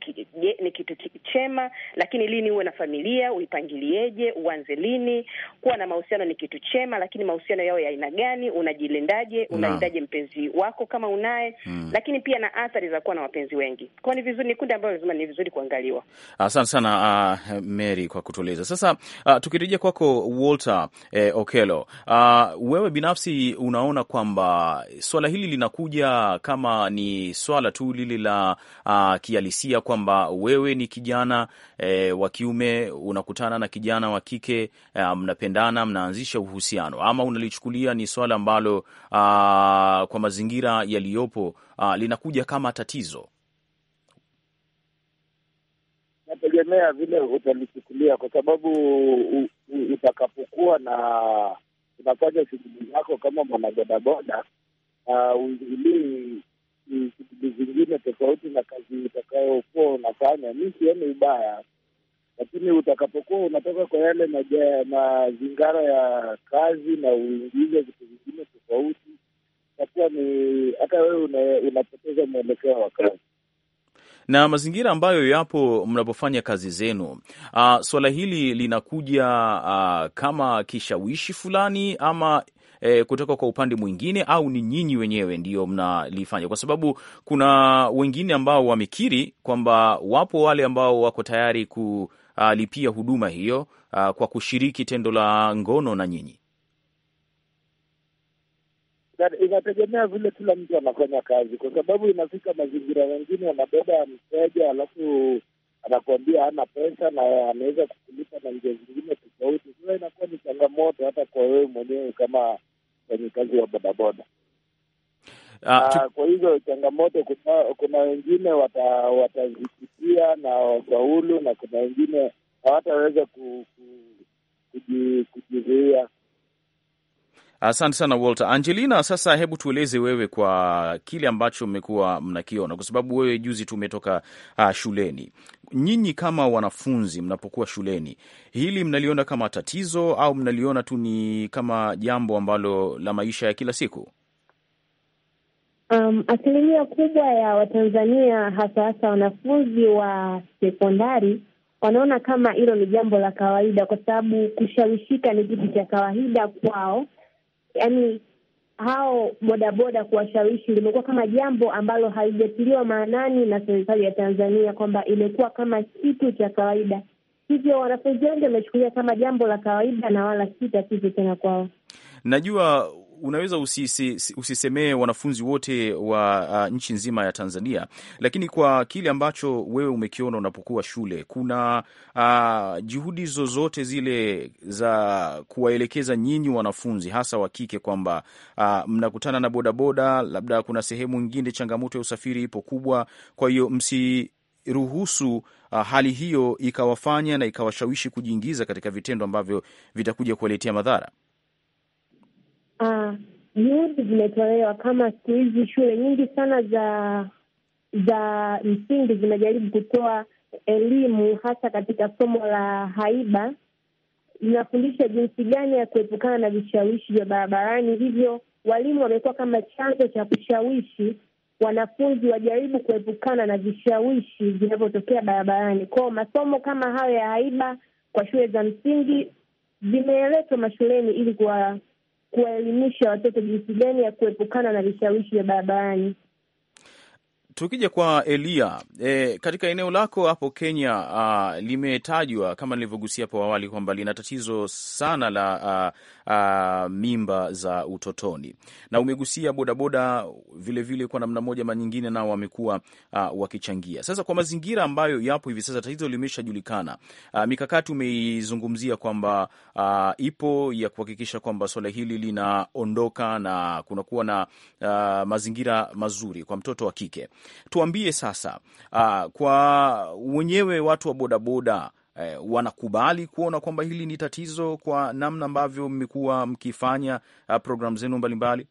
ni kitu chema, lakini lini uwe na familia, uipangilieje, uanze lini? Kuwa na mahusiano ni kitu chema, lakini mahusiano yao ya aina gani? Unajilindaje? unalindaje mpenzi wako kama unaye? Hmm. Lakini pia na athari za kuwa na wapenzi wengi, kwa ni vizuri, ni kundi ambalo lazima ni vizuri kuangaliwa. Asante sana uh, Mary kwa kutueleza. Sasa uh, tukirejea kwako Walter eh, Okelo, uh, wewe binafsi unaona kwamba swala hili linakuja kama ni swala tu lile la uh, kihalisia kwamba wewe ni kijana eh, wa kiume unakutana na kijana wa kike eh, mnapendana, mnaanzisha uhusiano, ama unalichukulia ni swala ambalo uh, kwa mazingira yaliyopo uh, linakuja kama tatizo? inategemea vile utalichukulia, kwa sababu utakapokuwa na unafanya shughuli zako kama mwanabodaboda, uingilii shughuli zingine tofauti na kazi utakayokuwa unafanya. Mi sioni ubaya, lakini utakapokuwa unatoka kwa yale mazingara ya kazi na uingize vitu vingine tofauti, itakuwa ni hata wewe unapoteza mwelekeo wa kazi na mazingira ambayo yapo mnapofanya kazi zenu. Uh, swala hili linakuja uh, kama kishawishi fulani ama E, kutoka kwa upande mwingine au ni nyinyi wenyewe ndio mnalifanya? Kwa sababu kuna wengine ambao wamekiri kwamba wapo wale ambao wako tayari kulipia ah, huduma hiyo a, kwa kushiriki tendo la ngono na nyinyi inategemea vile kila mtu anafanya kazi, kwa sababu inafika mazingira mengine wanabeba mteja alafu anakuambia hana pesa na anaweza kukulipa na njia zingine tofauti. Sasa inakuwa ni changamoto hata kwa wewe mwenyewe kama mfanyikazi wa bodaboda. Uh, tu... kwa hizo changamoto kuna, kuna wengine watazikitia wata na wafaulu na kuna wengine hawataweza kujizuia Asante sana Walter Angelina. Sasa hebu tueleze wewe kwa kile ambacho mmekuwa mnakiona, kwa sababu wewe juzi umetoka uh, shuleni. Nyinyi kama wanafunzi mnapokuwa shuleni, hili mnaliona kama tatizo au mnaliona tu ni kama jambo ambalo la maisha ya kila siku? Um, asilimia kubwa ya Watanzania hasa hasa wanafunzi wa sekondari wanaona kama hilo ni jambo la kawaida, kwa sababu kushawishika ni kitu cha kawaida kwao yani hao bodaboda kuwashawishi limekuwa kama jambo ambalo halijatiliwa maanani na serikali ya Tanzania, kwamba imekuwa kama kitu cha kawaida. Hivyo wanafunzi wengi wamechukulia kama jambo la kawaida na wala si tatizo tena kwao. Najua unaweza usise, usisemee wanafunzi wote wa uh, nchi nzima ya Tanzania, lakini kwa kile ambacho wewe umekiona unapokuwa shule, kuna uh, juhudi zozote zile za kuwaelekeza nyinyi wanafunzi hasa wa kike kwamba uh, mnakutana na bodaboda, labda kuna sehemu nyingine changamoto ya usafiri ipo kubwa, kwa hiyo msi ruhusu uh, hali hiyo ikawafanya na ikawashawishi kujiingiza katika vitendo ambavyo vitakuja kuwaletea madhara juhudi ah, uh, zimetolewa. Kama siku hizi shule nyingi sana za za msingi zinajaribu kutoa elimu hasa katika somo la haiba, inafundisha jinsi gani ya kuepukana na vishawishi vya barabarani. Hivyo walimu wamekuwa kama chanzo cha kushawishi wanafunzi wajaribu kuepukana na vishawishi vinavyotokea barabarani. Kwao masomo kama hayo ya haiba kwa shule za msingi zimeletwa mashuleni ili kuwa kuwaelimisha watoto jinsi gani ya kuepukana na vishawishi vya barabarani. Tukija kwa Elia e, katika eneo lako hapo Kenya limetajwa kama nilivyogusia hapo awali kwamba lina tatizo sana la a, a, mimba za utotoni, na umegusia bodaboda vilevile vile, kwa namna moja manyingine nao wamekuwa wakichangia. Sasa kwa mazingira ambayo yapo hivi sasa, tatizo limeshajulikana, mikakati umeizungumzia kwamba ipo ya kuhakikisha kwamba swala hili linaondoka na kunakuwa na a, mazingira mazuri kwa mtoto wa kike tuambie sasa, uh, kwa wenyewe watu wa bodaboda eh, wanakubali kuona kwamba hili ni tatizo kwa namna ambavyo mmekuwa mkifanya uh, ah, programu zenu mbalimbali?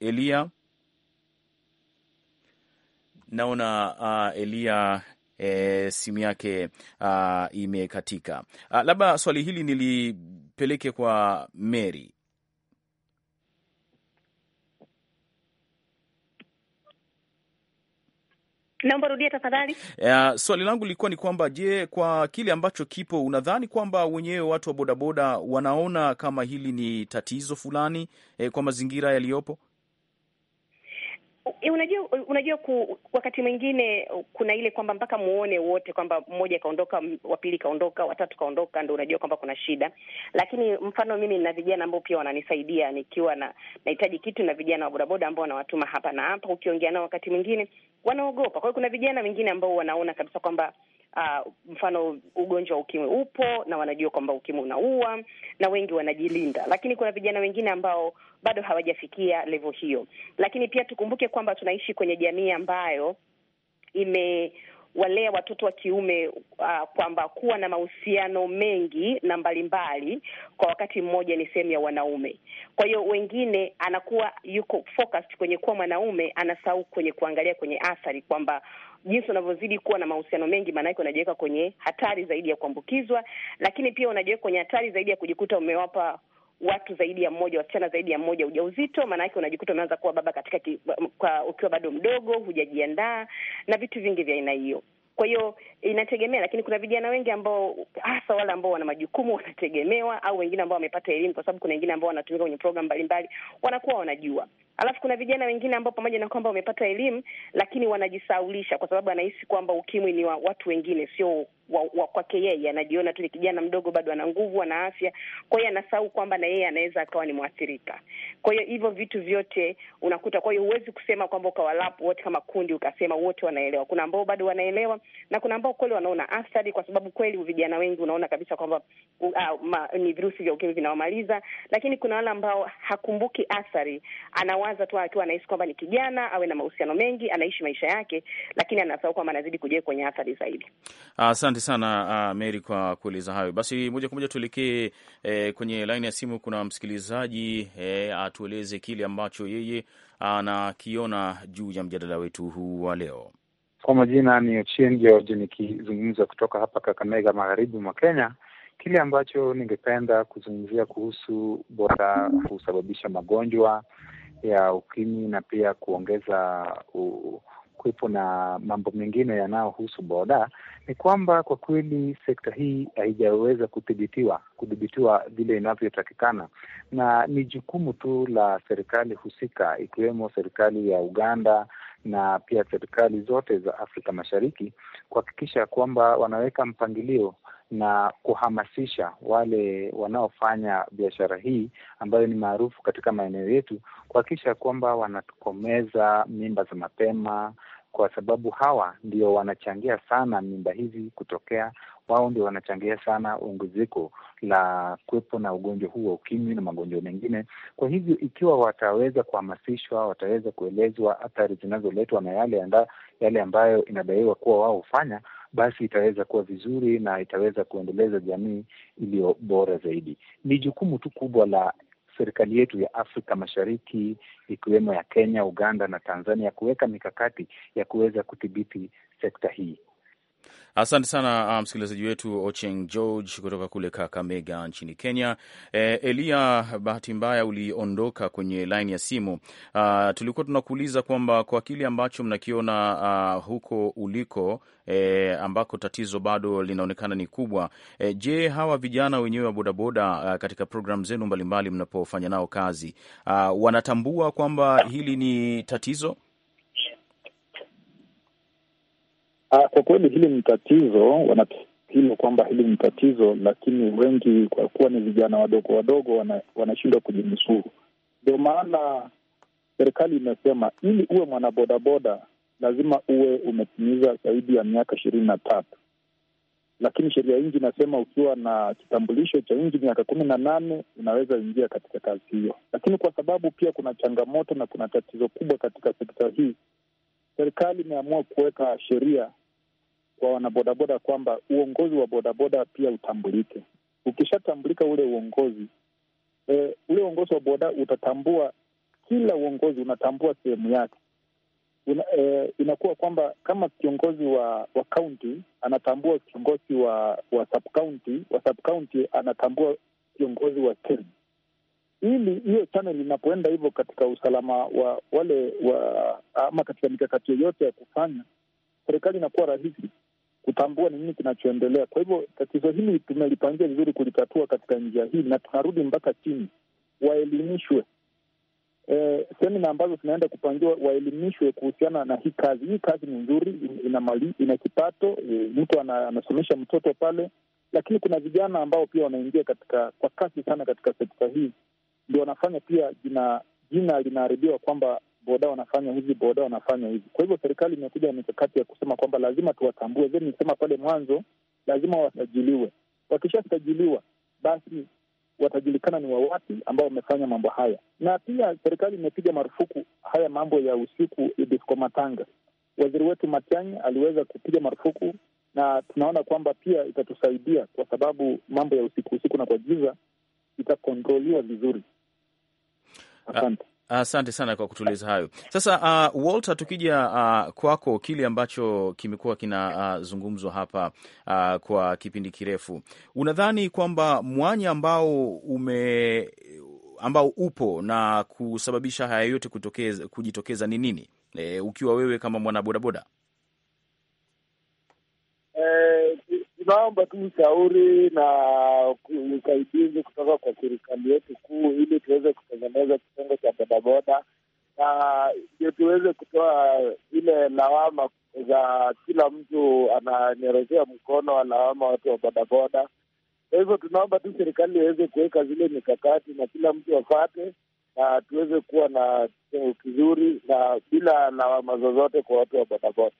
Elia, naona uh, Elia e, simu yake uh, imekatika. Uh, labda swali hili nili peleke kwa Mary. Naomba rudia tafadhali. Uh, swali langu lilikuwa ni kwamba je, kwa kile ambacho kipo, unadhani kwamba wenyewe watu wa bodaboda wanaona kama hili ni tatizo fulani eh, kwa mazingira yaliyopo? Eh, unajua unajua ku, wakati mwingine kuna ile kwamba mpaka muone wote kwamba mmoja kaondoka, wa pili kaondoka, watatu kaondoka, ndo unajua kwamba kuna shida. Lakini mfano mimi na vijana ambao pia wananisaidia nikiwa na nahitaji kitu, na vijana wa bodaboda ambao wanawatuma hapa na hapa, ukiongea nao wakati mwingine wanaogopa. Kwa hiyo kuna vijana wengine ambao wanaona kabisa kwamba uh, mfano ugonjwa wa ukimwi upo na wanajua kwamba ukimwi unaua na wengi wanajilinda, lakini kuna vijana wengine ambao bado hawajafikia level hiyo. Lakini pia tukumbuke kwamba tunaishi kwenye jamii ambayo ime walea watoto wa kiume uh, kwamba kuwa na mahusiano mengi na mbalimbali kwa wakati mmoja ni sehemu ya wanaume. Kwa hiyo wengine anakuwa yuko focused kwenye kuwa mwanaume, anasahau kwenye kuangalia kwenye athari kwamba jinsi unavyozidi kuwa na mahusiano mengi, maanake unajiweka kwenye hatari zaidi ya kuambukizwa, lakini pia unajiweka kwenye hatari zaidi ya kujikuta umewapa watu zaidi ya mmoja, wasichana zaidi ya mmoja ujauzito. Maana yake unajikuta umeanza kuwa baba katika ki, kwa, ukiwa bado mdogo, hujajiandaa na vitu vingi vya aina hiyo. Kwa hiyo inategemea, lakini kuna vijana wengi ambao hasa wale ambao wana majukumu wanategemewa, au wengine ambao wamepata elimu, kwa sababu kuna wengine ambao wanatumika kwenye programu mbalimbali, wanakuwa wanajua. Alafu kuna vijana wengine ambao pamoja na kwamba wamepata elimu, lakini wanajisaulisha kwa sababu anahisi kwamba ukimwi ni wa watu wengine, sio wa, wa kwake yeye, anajiona tu ni kijana mdogo, bado ana nguvu, ana afya. Kwa hiyo anasahau kwamba na yeye anaweza akawa ni mwathirika. Kwa hiyo hivyo vitu vyote unakuta. Kwa hiyo huwezi kusema kwamba ukawalapu wote kama kundi ukasema wote wanaelewa. Kuna ambao bado wanaelewa na kuna ambao kweli wanaona athari, kwa sababu kweli vijana wengi unaona kabisa kwamba uh, ni virusi vya ukimwi vinawamaliza, lakini kuna wale ambao hakumbuki athari, anawaza tu akiwa anahisi kwamba ni kijana, awe na mahusiano mengi, anaishi maisha yake, lakini anasahau kwamba anazidi kuja kwenye athari zaidi. Asante. Asante sana uh, Mary kwa kueleza hayo. Basi moja kwa moja tuelekee eh, kwenye laini ya simu. Kuna msikilizaji eh, atueleze kile ambacho yeye anakiona uh, juu ya mjadala wetu huu wa leo. Kwa majina ni Ochieng George nikizungumza kutoka hapa Kakamega, magharibi mwa Kenya. Kile ambacho ningependa kuzungumzia kuhusu bora kusababisha magonjwa ya ukimwi na pia kuongeza uh, kuwepo na mambo mengine yanayohusu boda, ni kwamba kwa kweli sekta hii haijaweza kudhibitiwa kudhibitiwa vile inavyotakikana, na ni jukumu tu la serikali husika, ikiwemo serikali ya Uganda na pia serikali zote za Afrika Mashariki kuhakikisha kwamba wanaweka mpangilio na kuhamasisha wale wanaofanya biashara hii ambayo ni maarufu katika maeneo yetu kuhakikisha kwamba wanatokomeza mimba za mapema, kwa sababu hawa ndio wanachangia sana mimba hizi kutokea. Wao ndio wanachangia sana ongezeko la kuwepo na ugonjwa huu wa ukimwi na magonjwa mengine. Kwa hivyo, ikiwa wataweza kuhamasishwa, wataweza kuelezwa athari zinazoletwa na yale anda, yale ambayo inadaiwa kuwa wao hufanya, basi itaweza kuwa vizuri na itaweza kuendeleza jamii iliyo bora zaidi. Ni jukumu tu kubwa la serikali yetu ya Afrika Mashariki ikiwemo ya Kenya, Uganda na Tanzania kuweka mikakati ya kuweza kudhibiti sekta hii. Asante sana uh, msikilizaji wetu Ocheng George kutoka kule Kakamega nchini Kenya. E, Elia, bahati mbaya uliondoka kwenye laini ya simu. Uh, tulikuwa tunakuuliza kwamba kwa kile ambacho mnakiona uh, huko uliko E, ambako tatizo bado linaonekana ni kubwa. E, je, hawa vijana wenyewe wa bodaboda uh, katika programu zenu mbalimbali mnapofanya nao kazi a, uh, wanatambua kwamba hili ni tatizo? Aa, ah, kwa kweli hili ni tatizo, wanahilo kwamba hili ni tatizo, lakini wengi kwa kuwa ni vijana wadogo wadogo wana, wanashindwa kujinusuru. Ndio maana serikali imesema ili uwe mwanabodaboda lazima uwe umetimiza zaidi ya miaka ishirini na tatu lakini sheria nyingi inasema ukiwa na kitambulisho cha nchi miaka kumi na nane unaweza ingia katika kazi hiyo. Lakini kwa sababu pia kuna changamoto na kuna tatizo kubwa katika sekta hii, serikali imeamua kuweka sheria kwa wanabodaboda kwamba uongozi wa bodaboda pia utambulike. Ukishatambulika ule uongozi e, ule uongozi wa boda utatambua, kila uongozi unatambua sehemu yake. Una, e, inakuwa kwamba kama kiongozi wa wa kaunti anatambua kiongozi wa wa subkaunti, wa subkaunti anatambua kiongozi wa ten ili hiyo chaneli inapoenda hivyo katika usalama wa wale wa ama katika mikakati yoyote ya kufanya serikali inakuwa rahisi kutambua ni nini kinachoendelea. Kwa hivyo tatizo hili tumelipangia vizuri kulitatua katika njia hii, na tunarudi mpaka chini, waelimishwe E, semina ambazo zinaenda kupangiwa waelimishwe kuhusiana na hii kazi. Hii kazi ni nzuri, ina mali, ina kipato e, mtu ana, anasomesha mtoto pale, lakini kuna vijana ambao pia wanaingia katika kwa kasi sana katika sekta hii, ndio wanafanya pia jina jina linaharibiwa kwamba boda wanafanya hivi, boda wanafanya hivi. Kwa hivyo serikali imekuja na mikakati ya kusema kwamba lazima tuwatambue, zeni nisema pale mwanzo, lazima wasajiliwe. Wakishasajiliwa basi watajulikana ni wawapi ambao wamefanya mambo haya. Na pia serikali imepiga marufuku haya mambo ya usiku, disko, matanga. Waziri wetu Matiang'i aliweza kupiga marufuku, na tunaona kwamba pia itatusaidia kwa sababu mambo ya usiku usiku na kwa giza itakontroliwa vizuri. Asante. Asante sana kwa kutueleza hayo. Sasa uh, Walter, tukija uh, kwako, kile ambacho kimekuwa kinazungumzwa uh, hapa uh, kwa kipindi kirefu, unadhani kwamba mwanya ambao ume ambao upo na kusababisha haya yote kutokeza, kujitokeza ni nini? E, ukiwa wewe kama mwana bodaboda e, eh, tunaomba tu ushauri na usaidizi kutoka kwa serikali yetu kuu, ili tuweze kutengeneza kitengo cha bodaboda na ndio tuweze kutoa ile lawama za kila mtu ananyoroshea mkono wa lawama watu wa bodaboda. Kwa hivyo tunaomba tu serikali iweze kuweka zile mikakati na kila mtu afate, na tuweze kuwa na kitengo kizuri na bila lawama zozote kwa watu wa bodaboda.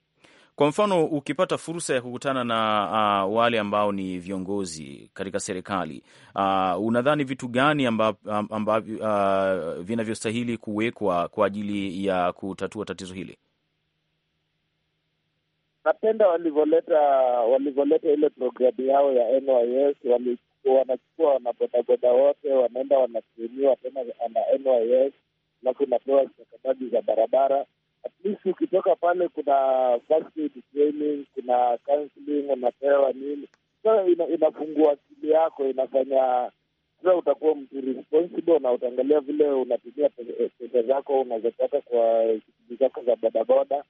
Kwa mfano ukipata fursa ya kukutana na uh, wale ambao ni viongozi katika serikali uh, unadhani vitu gani ambavyo amba, uh, vinavyostahili kuwekwa kwa ajili ya kutatua tatizo hili? Napenda walivyoleta walivyoleta ile programu yao ya NYS, wanachukua wanabodaboda wote wanaenda wanatreniwa tena na NYS, alafu napewa stakabadhi za barabara at least ukitoka pale kuna vaccine training, kuna counseling unapewa nini, ina, inafungua akili yako, inafanya sasa utakuwa mtu responsible na utaangalia vile unatumia eh, pesa zako unazopata kwa shughuli zako za bodaboda.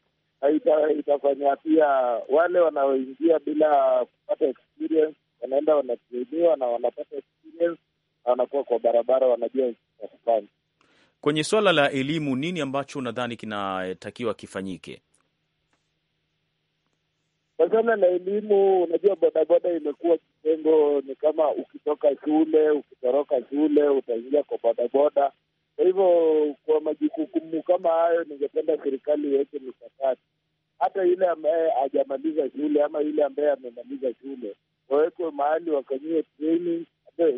Ita, itafanya pia wale wanaoingia bila kupata experience wanaenda wanatrainiwa na wanapata experience na wanakuwa kwa barabara, wanajua kufanya. Kwenye swala la elimu, nini ambacho unadhani kinatakiwa kifanyike? Kwa swala la elimu, unajua bodaboda imekuwa kitengo, ni kama ukitoka shule, ukitoroka shule utaingia kwa bodaboda. Kwa hivyo, kwa majukumu kama hayo, ningependa serikali iweke mikakati, hata yule ambaye hajamaliza shule ama yule ambaye amemaliza shule wawekwe mahali wakanyiwe training,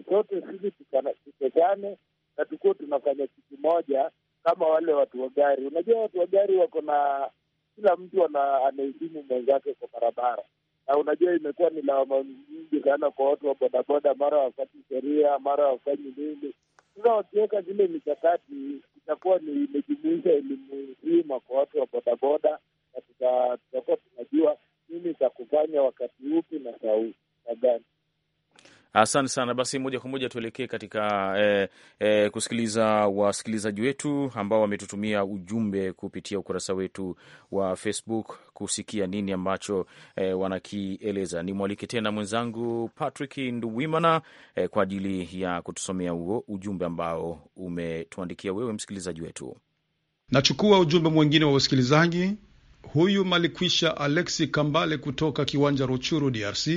sote sisi tukesane na tukuwa tunafanya kitu moja kama wale watu wa gari. Unajua watu wa gari wako na kila mtu anaheshimu mwenzake kwa barabara, na unajua imekuwa ni lawama nyingi sana kwa watu wa bodaboda, mara wafuati sheria, mara wafanyi nini. Sasa wakiweka zile mikakati, itakuwa ni imejumuisha elimu nzima kwa watu wa bodaboda, na tutakuwa tunajua nini za kufanya wakati upi na saa gani. Asante sana. Basi moja kwa moja tuelekee katika eh, eh, kusikiliza wasikilizaji wetu ambao wametutumia ujumbe kupitia ukurasa wetu wa Facebook kusikia nini ambacho eh, wanakieleza. Nimwalike tena mwenzangu Patrick Nduwimana eh, kwa ajili ya kutusomea huo ujumbe ambao umetuandikia wewe msikilizaji wetu. Nachukua ujumbe mwingine wa wasikilizaji. Huyu malikwisha Alexi Kambale kutoka kiwanja Ruchuru, DRC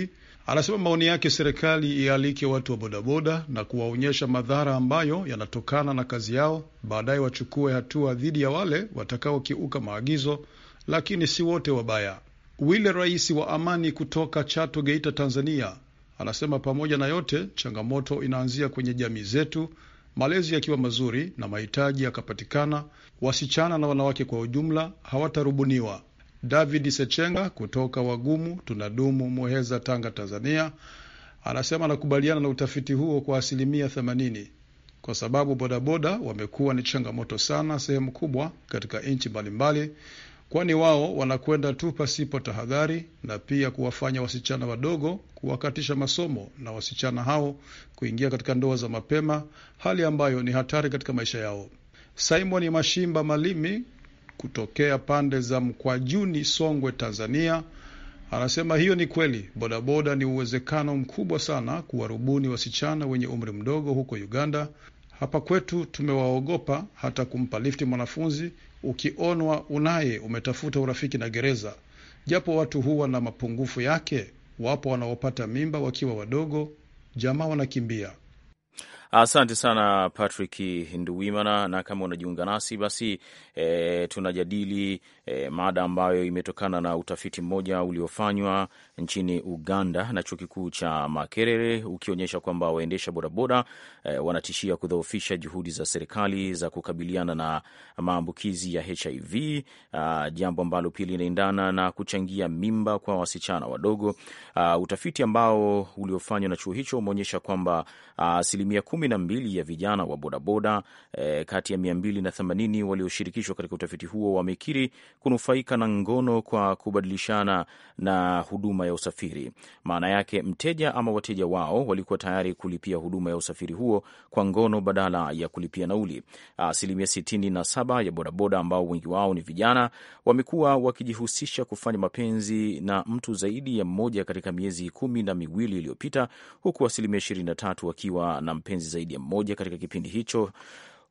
Anasema maoni yake serikali ialike watu wa bodaboda na kuwaonyesha madhara ambayo yanatokana na kazi yao, baadaye wachukue hatua dhidi ya wale watakaokiuka maagizo, lakini si wote wabaya. Wile Rais wa Amani kutoka Chato, Geita, Tanzania, anasema pamoja na yote, changamoto inaanzia kwenye jamii zetu. Malezi yakiwa mazuri na mahitaji yakapatikana, wasichana na wanawake kwa ujumla hawatarubuniwa. David Sechenga kutoka Wagumu tunadumu Muheza, Tanga, Tanzania, anasema anakubaliana na utafiti huo kwa asilimia themanini kwa sababu bodaboda wamekuwa ni changamoto sana sehemu kubwa katika nchi mbalimbali, kwani wao wanakwenda tu pasipo tahadhari, na pia kuwafanya wasichana wadogo kuwakatisha masomo na wasichana hao kuingia katika ndoa za mapema, hali ambayo ni hatari katika maisha yao. Simon Mashimba Malimi kutokea pande za Mkwajuni, Songwe, Tanzania. Anasema hiyo ni kweli, bodaboda ni uwezekano mkubwa sana kuwarubuni wasichana wenye umri mdogo huko Uganda. Hapa kwetu tumewaogopa hata kumpa lifti mwanafunzi, ukionwa unaye umetafuta urafiki na gereza. Japo watu huwa na mapungufu yake, wapo wanaopata mimba wakiwa wadogo, jamaa wanakimbia. Asante sana Patrick Nduwimana, na kama unajiunga nasi basi e, tunajadili e, mada ambayo imetokana na utafiti mmoja uliofanywa nchini Uganda na chuo kikuu cha Makerere ukionyesha kwamba waendesha bodaboda e, wanatishia kudhoofisha juhudi za serikali za kukabiliana na maambukizi ya HIV, a, jambo ambalo pia linaendana na kuchangia mimba kwa wasichana wadogo. A, utafiti ambao uliofanywa na chuo hicho umeonyesha kwamba asilimia kumi kumi na mbili ya vijana wa bodaboda e, kati ya mia mbili na themanini walioshirikishwa katika utafiti huo wamekiri kunufaika na ngono kwa kubadilishana na huduma ya usafiri. Maana yake mteja ama wateja wao walikuwa tayari kulipia huduma ya usafiri huo kwa ngono badala ya kulipia nauli. Asilimia sitini na saba ya bodaboda ambao wengi wao ni vijana wamekuwa wakijihusisha kufanya mapenzi na mtu zaidi ya mmoja katika miezi kumi na miwili iliyopita, huku asilimia ishirini na tatu wakiwa na mpenzi zaidi ya mmoja katika kipindi hicho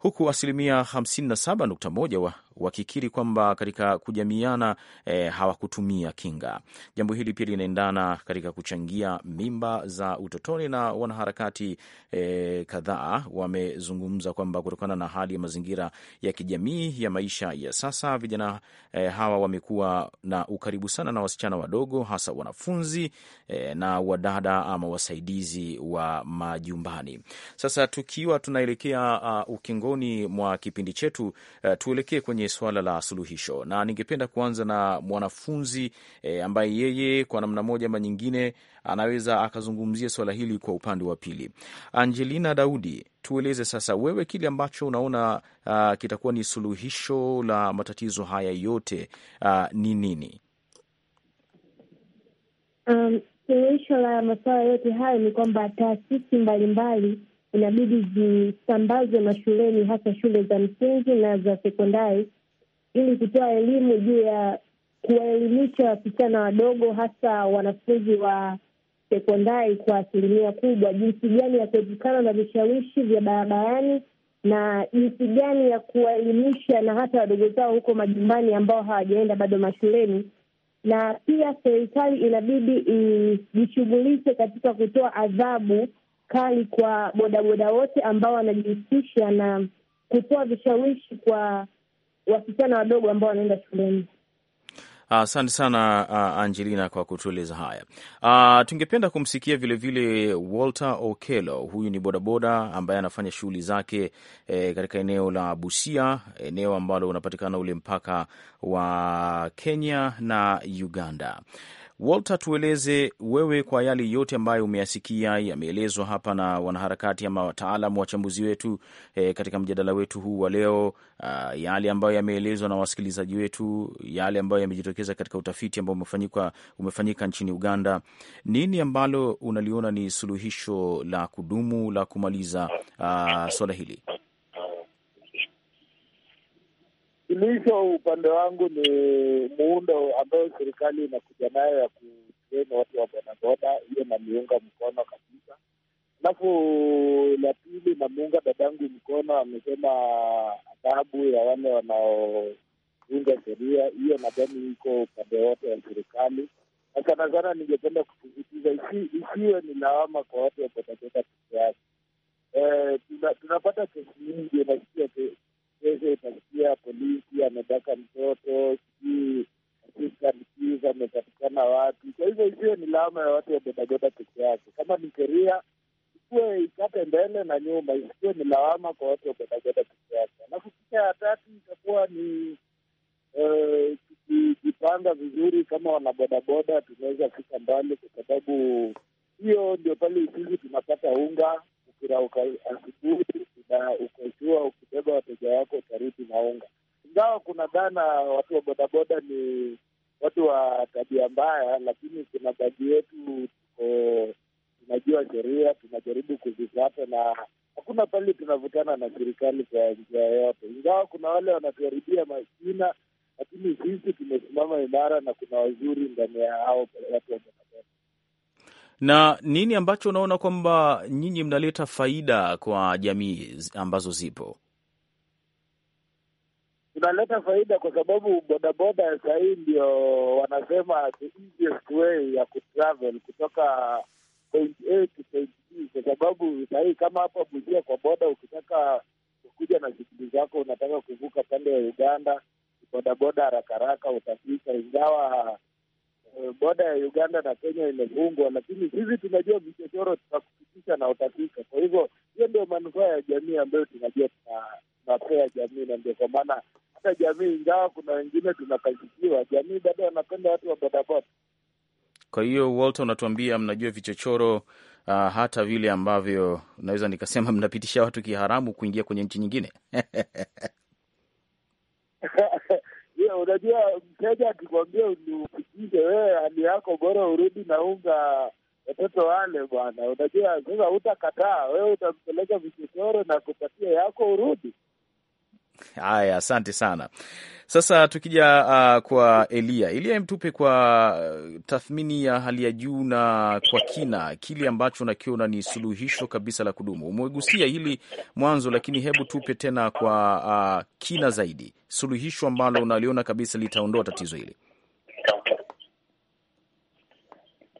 huku asilimia 57.1 wakikiri kwamba katika kujamiana e, hawakutumia kinga. Jambo hili pia linaendana katika kuchangia mimba za utotoni, na wanaharakati e, kadhaa wamezungumza kwamba kutokana na hali ya mazingira ya kijamii ya maisha ya sasa, vijana e, hawa wamekuwa na ukaribu sana na wasichana wadogo, hasa wanafunzi e, na wadada ama wasaidizi wa majumbani. Sasa tukiwa tunaelekea uh, ukingo mwishoni mwa kipindi chetu uh, tuelekee kwenye suala la suluhisho, na ningependa kuanza na mwanafunzi eh, ambaye yeye kwa namna moja ama nyingine anaweza akazungumzia suala hili kwa upande wa pili. Angelina Daudi, tueleze sasa wewe kile ambacho unaona uh, kitakuwa ni suluhisho la matatizo haya yote ah, ni uh, nini? Um, suluhisho la masuala yote hayo ni kwamba taasisi mbalimbali inabidi zisambazwe mashuleni, hasa shule za msingi na za sekondari, ili kutoa elimu juu ya kuwaelimisha wasichana wadogo, hasa wanafunzi wa sekondari kwa asilimia kubwa, jinsi gani ya kuepukana na vishawishi vya barabarani na jinsi gani ya kuwaelimisha na hata wadogo zao huko majumbani ambao hawajaenda bado mashuleni. Na pia serikali inabidi ijishughulishe katika kutoa adhabu kali kwa bodaboda wote ambao wanajihusisha na kutoa vishawishi kwa wasichana wadogo ambao wanaenda shuleni. Asante uh, sana uh, Angelina kwa kutueleza haya. Uh, tungependa kumsikia vilevile vile Walter Okelo. Huyu ni bodaboda ambaye anafanya shughuli zake eh, katika eneo la Busia, eneo ambalo unapatikana ule mpaka wa Kenya na Uganda. Walter, tueleze wewe kwa yale yote ambayo umeyasikia yameelezwa hapa na wanaharakati ama wataalam wachambuzi wetu e, katika mjadala wetu huu wa leo, ah, yale ambayo yameelezwa na wasikilizaji wetu, yale ambayo yamejitokeza katika utafiti ambao umefanyika, umefanyika nchini Uganda, nini ambalo unaliona ni suluhisho la kudumu la kumaliza a, ah, swala hili? Suluhisho upande wangu ni muundo ambayo serikali inakuja nayo ya kutrain watu wa bodaboda, hiyo namiunga mkono kabisa. Alafu la pili, namuunga dadangu mkono, amesema adhabu ya wale wanaovunja sheria, hiyo nadhani iko upande wote wa serikali, na sana sana ningependa kusisitiza isiwe ni lawama kwa watu wa bodaboda peke yake. Eh, tunapata kesi nyingi, nasikia kesho utasikia polisi amebaka mtoto, sijui amepatikana wapi. Kwa hivyo isiyo ni lawama ya watu wa bodaboda peke yake. Kama ni sheria ikuwe ikate mbele na nyuma, isikuwe ni lawama kwa watu wa bodaboda peke yake. Alafu picha ya tatu itakuwa ni eh, tukijipanga vizuri kama wanabodaboda tunaweza fika mbali, kwa sababu hiyo ndio pale sisi tunapata unga bila ukasubiri, na ukajua ukibeba wateja wako karibu na unga. Ingawa kuna dhana watu wa bodaboda ni watu wa tabia mbaya, lakini kuna baadhi yetu tuko tunajua sheria, tunajaribu kuzifuata na hakuna pale tunavutana na serikali kwa njia yoyote, ingawa kuna wale wanatuharibia majina, lakini sisi tumesimama imara na kuna wazuri ndani ya hao watu wa bodaboda. Na nini ambacho unaona kwamba nyinyi mnaleta faida kwa jamii ambazo zipo? Tunaleta faida kwa sababu bodaboda saa hii ndio wanasema the easiest way ya kutravel kutoka point A to point B, kwa sababu saa hii kama hapa Busia kwa boda, ukitaka kukuja na shughuli zako, unataka kuvuka pande ya Uganda, bodaboda haraka haraka utafika, ingawa Eh, boda ya Uganda na Kenya imefungwa, lakini sisi tunajua vichochoro tutakupitisha na utafika. Kwa hivyo hiyo ndio manufaa ya jamii ambayo tunajua tunapea jamii, na ndio kwa maana hata jamii, ingawa kuna wengine tunakashikiwa, jamii bado wanapenda watu wa bodaboda. Kwa hiyo Walter, unatuambia mnajua vichochoro uh, hata vile ambavyo naweza nikasema <laughs> mnapitisha watu kiharamu kuingia kwenye nchi nyingine <laughs> <laughs> unajua mteja akikwambia usikize wewe hali yako bora urudi na unga watoto wale bwana, unajua sasa, utakataa wewe, utampeleka vichochoro na kupatia yako urudi. Haya, asante sana. Sasa tukija uh, kwa Elia Elia Mtupe, kwa uh, tathmini ya hali ya juu na kwa kina, kile ambacho unakiona ni suluhisho kabisa la kudumu. Umegusia hili mwanzo, lakini hebu tupe tena kwa uh, kina zaidi suluhisho ambalo unaliona kabisa litaondoa tatizo hili.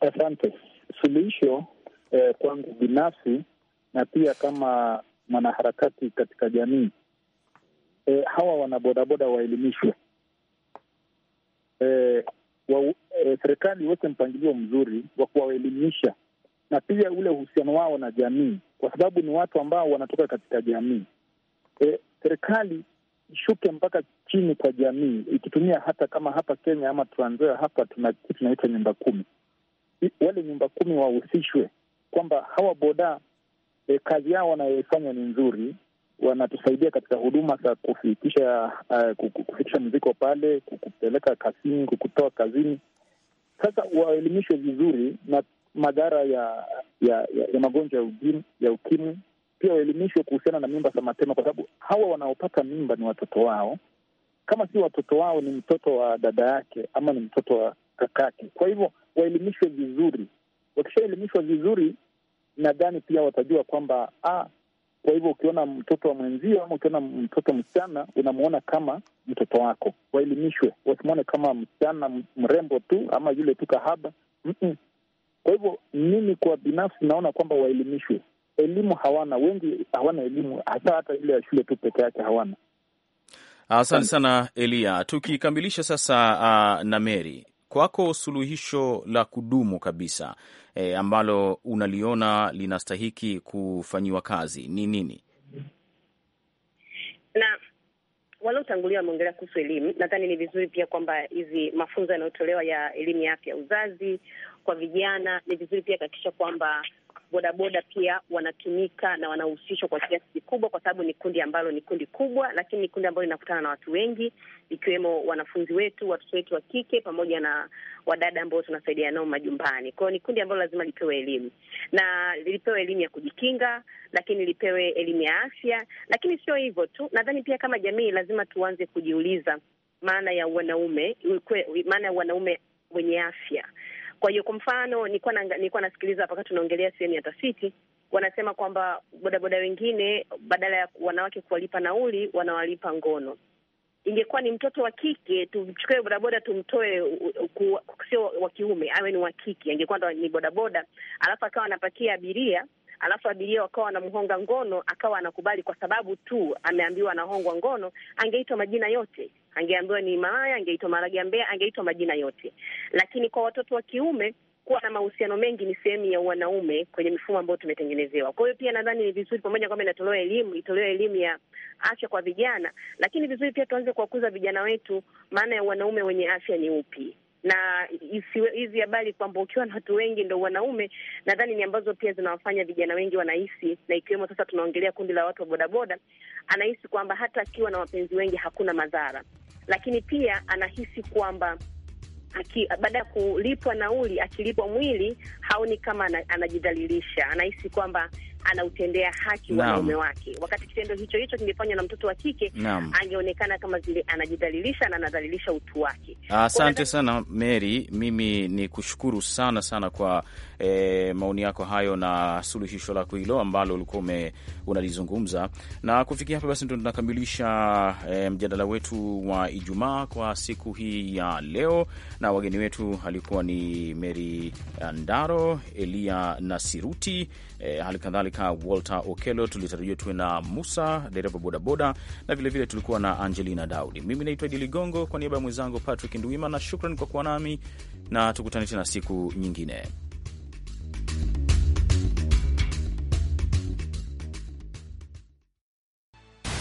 Asante. Suluhisho eh, kwangu binafsi na pia kama mwanaharakati katika jamii e, hawa wanabodaboda waelimishwe e, wa, e, serikali iweke mpangilio mzuri wa kuwaelimisha na pia ule uhusiano wao na jamii, kwa sababu ni watu ambao wanatoka katika jamii. E, serikali ishuke mpaka chini kwa jamii, ikitumia hata kama hapa Kenya ama Trans hapa tuna kitu tunaitwa nyumba kumi. Wale nyumba kumi wahusishwe kwamba hawa boda e, kazi yao wanayoifanya ni nzuri, wanatusaidia katika huduma za kufikisha uh, kufikisha mziko pale, kupeleka kazini, kukutoa kazini. Sasa waelimishwe vizuri na madhara ya ya, ya, ya magonjwa ya ukimwi. Pia waelimishwe kuhusiana na mimba za mapema, kwa sababu hawa wanaopata mimba ni watoto wao. Kama si watoto wao, ni mtoto wa dada yake ama ni mtoto wa kakake. Kwa hivyo waelimishwe vizuri. Wakishaelimishwa vizuri, nadhani pia watajua kwamba ah, kwa hivyo ukiona mtoto wa mwenzio ama ukiona mtoto msichana, unamwona kama mtoto wako. Waelimishwe, wasimwone kama msichana mrembo tu ama yule tu kahaba mm -mm. Kwa hivyo mimi kwa binafsi naona kwamba waelimishwe. Elimu hawana wengi, hawana elimu hasa hata ile ya shule tu peke yake hawana. Asante sana Elia. Tukikamilisha sasa uh, na Meri, kwako suluhisho la kudumu kabisa e, ambalo unaliona linastahiki kufanyiwa kazi ni nini? na waliotangulia wameongelea kuhusu elimu. Nadhani ni vizuri pia kwamba hizi mafunzo yanayotolewa ya elimu ya afya ya uzazi kwa vijana, ni vizuri pia kuhakikisha kwamba bodaboda pia wanatumika na wanahusishwa kwa kiasi kikubwa, kwa sababu ni kundi ambalo ni kundi kubwa, lakini ni kundi ambalo linakutana na watu wengi, ikiwemo wanafunzi wetu, watoto wetu wa kike, pamoja na wadada ambao tunasaidia nao majumbani. Kwao ni kundi ambalo lazima lipewe elimu, na lipewe elimu ya kujikinga, lakini lipewe elimu ya afya. Lakini sio hivyo tu, nadhani pia kama jamii lazima tuanze kujiuliza maana ya wanaume, maana ya wanaume wenye afya kwa hiyo kwa mfano, nilikuwa nasikiliza hapa, nasikiliza wakati tunaongelea sehemu ya tafiti, wanasema kwamba bodaboda wengine badala ya wanawake kuwalipa nauli wanawalipa ngono. Ingekuwa ni mtoto wa kike, tumchukue bodaboda tumtoe, sio wa kiume, awe ni wa kike, angekuwa ni bodaboda, alafu akawa anapakia abiria alafu abiria wakawa wanamhonga ngono, akawa anakubali kwa sababu tu ameambiwa anahongwa ngono, angeitwa majina yote angeambiwa ni malaya, angeitwa maragambea, angeitwa majina yote. Lakini kwa watoto wa kiume kuwa na mahusiano mengi ni sehemu ya wanaume kwenye mifumo ambayo tumetengenezewa. Kwa hiyo pia nadhani ni vizuri, pamoja kwamba inatolewa elimu, itolewa elimu ya afya kwa vijana, lakini vizuri pia tuanze kuwakuza vijana wetu maana ya wanaume wenye afya ni upi, na hizi habari kwamba ukiwa na watu wengi ndo wanaume, nadhani ni ambazo pia zinawafanya vijana wengi wanahisi, na ikiwemo sasa tunaongelea kundi la watu wa bodaboda, anahisi kwamba hata akiwa na wapenzi wengi hakuna madhara lakini pia anahisi kwamba baada ya kulipwa nauli, akilipwa mwili haoni kama anajidhalilisha, anahisi kwamba anautendea haki wanaume wake, wakati kitendo hicho hicho kingefanywa na mtoto wa kike, angeonekana kama zile anajidhalilisha na anadhalilisha utu wake. Asante sana Mary, mimi ni kushukuru sana sana kwa eh, maoni yako hayo na suluhisho lako hilo ambalo ulikuwa ume unalizungumza. Na kufikia hapa basi ndo tunakamilisha e, mjadala wetu wa Ijumaa kwa siku hii ya leo, na wageni wetu alikuwa ni Mary Ndaro, Elia Nasiruti E, hali e, kadhalika Walter Okelo, tulitarajia tuwe na Musa dereva bodaboda, na vilevile tulikuwa na Angelina Daudi. Mimi naitwa Idi Ligongo kwa niaba ya mwenzangu Patrick Nduima, na shukran kwa kuwa nami na tukutane tena siku nyingine.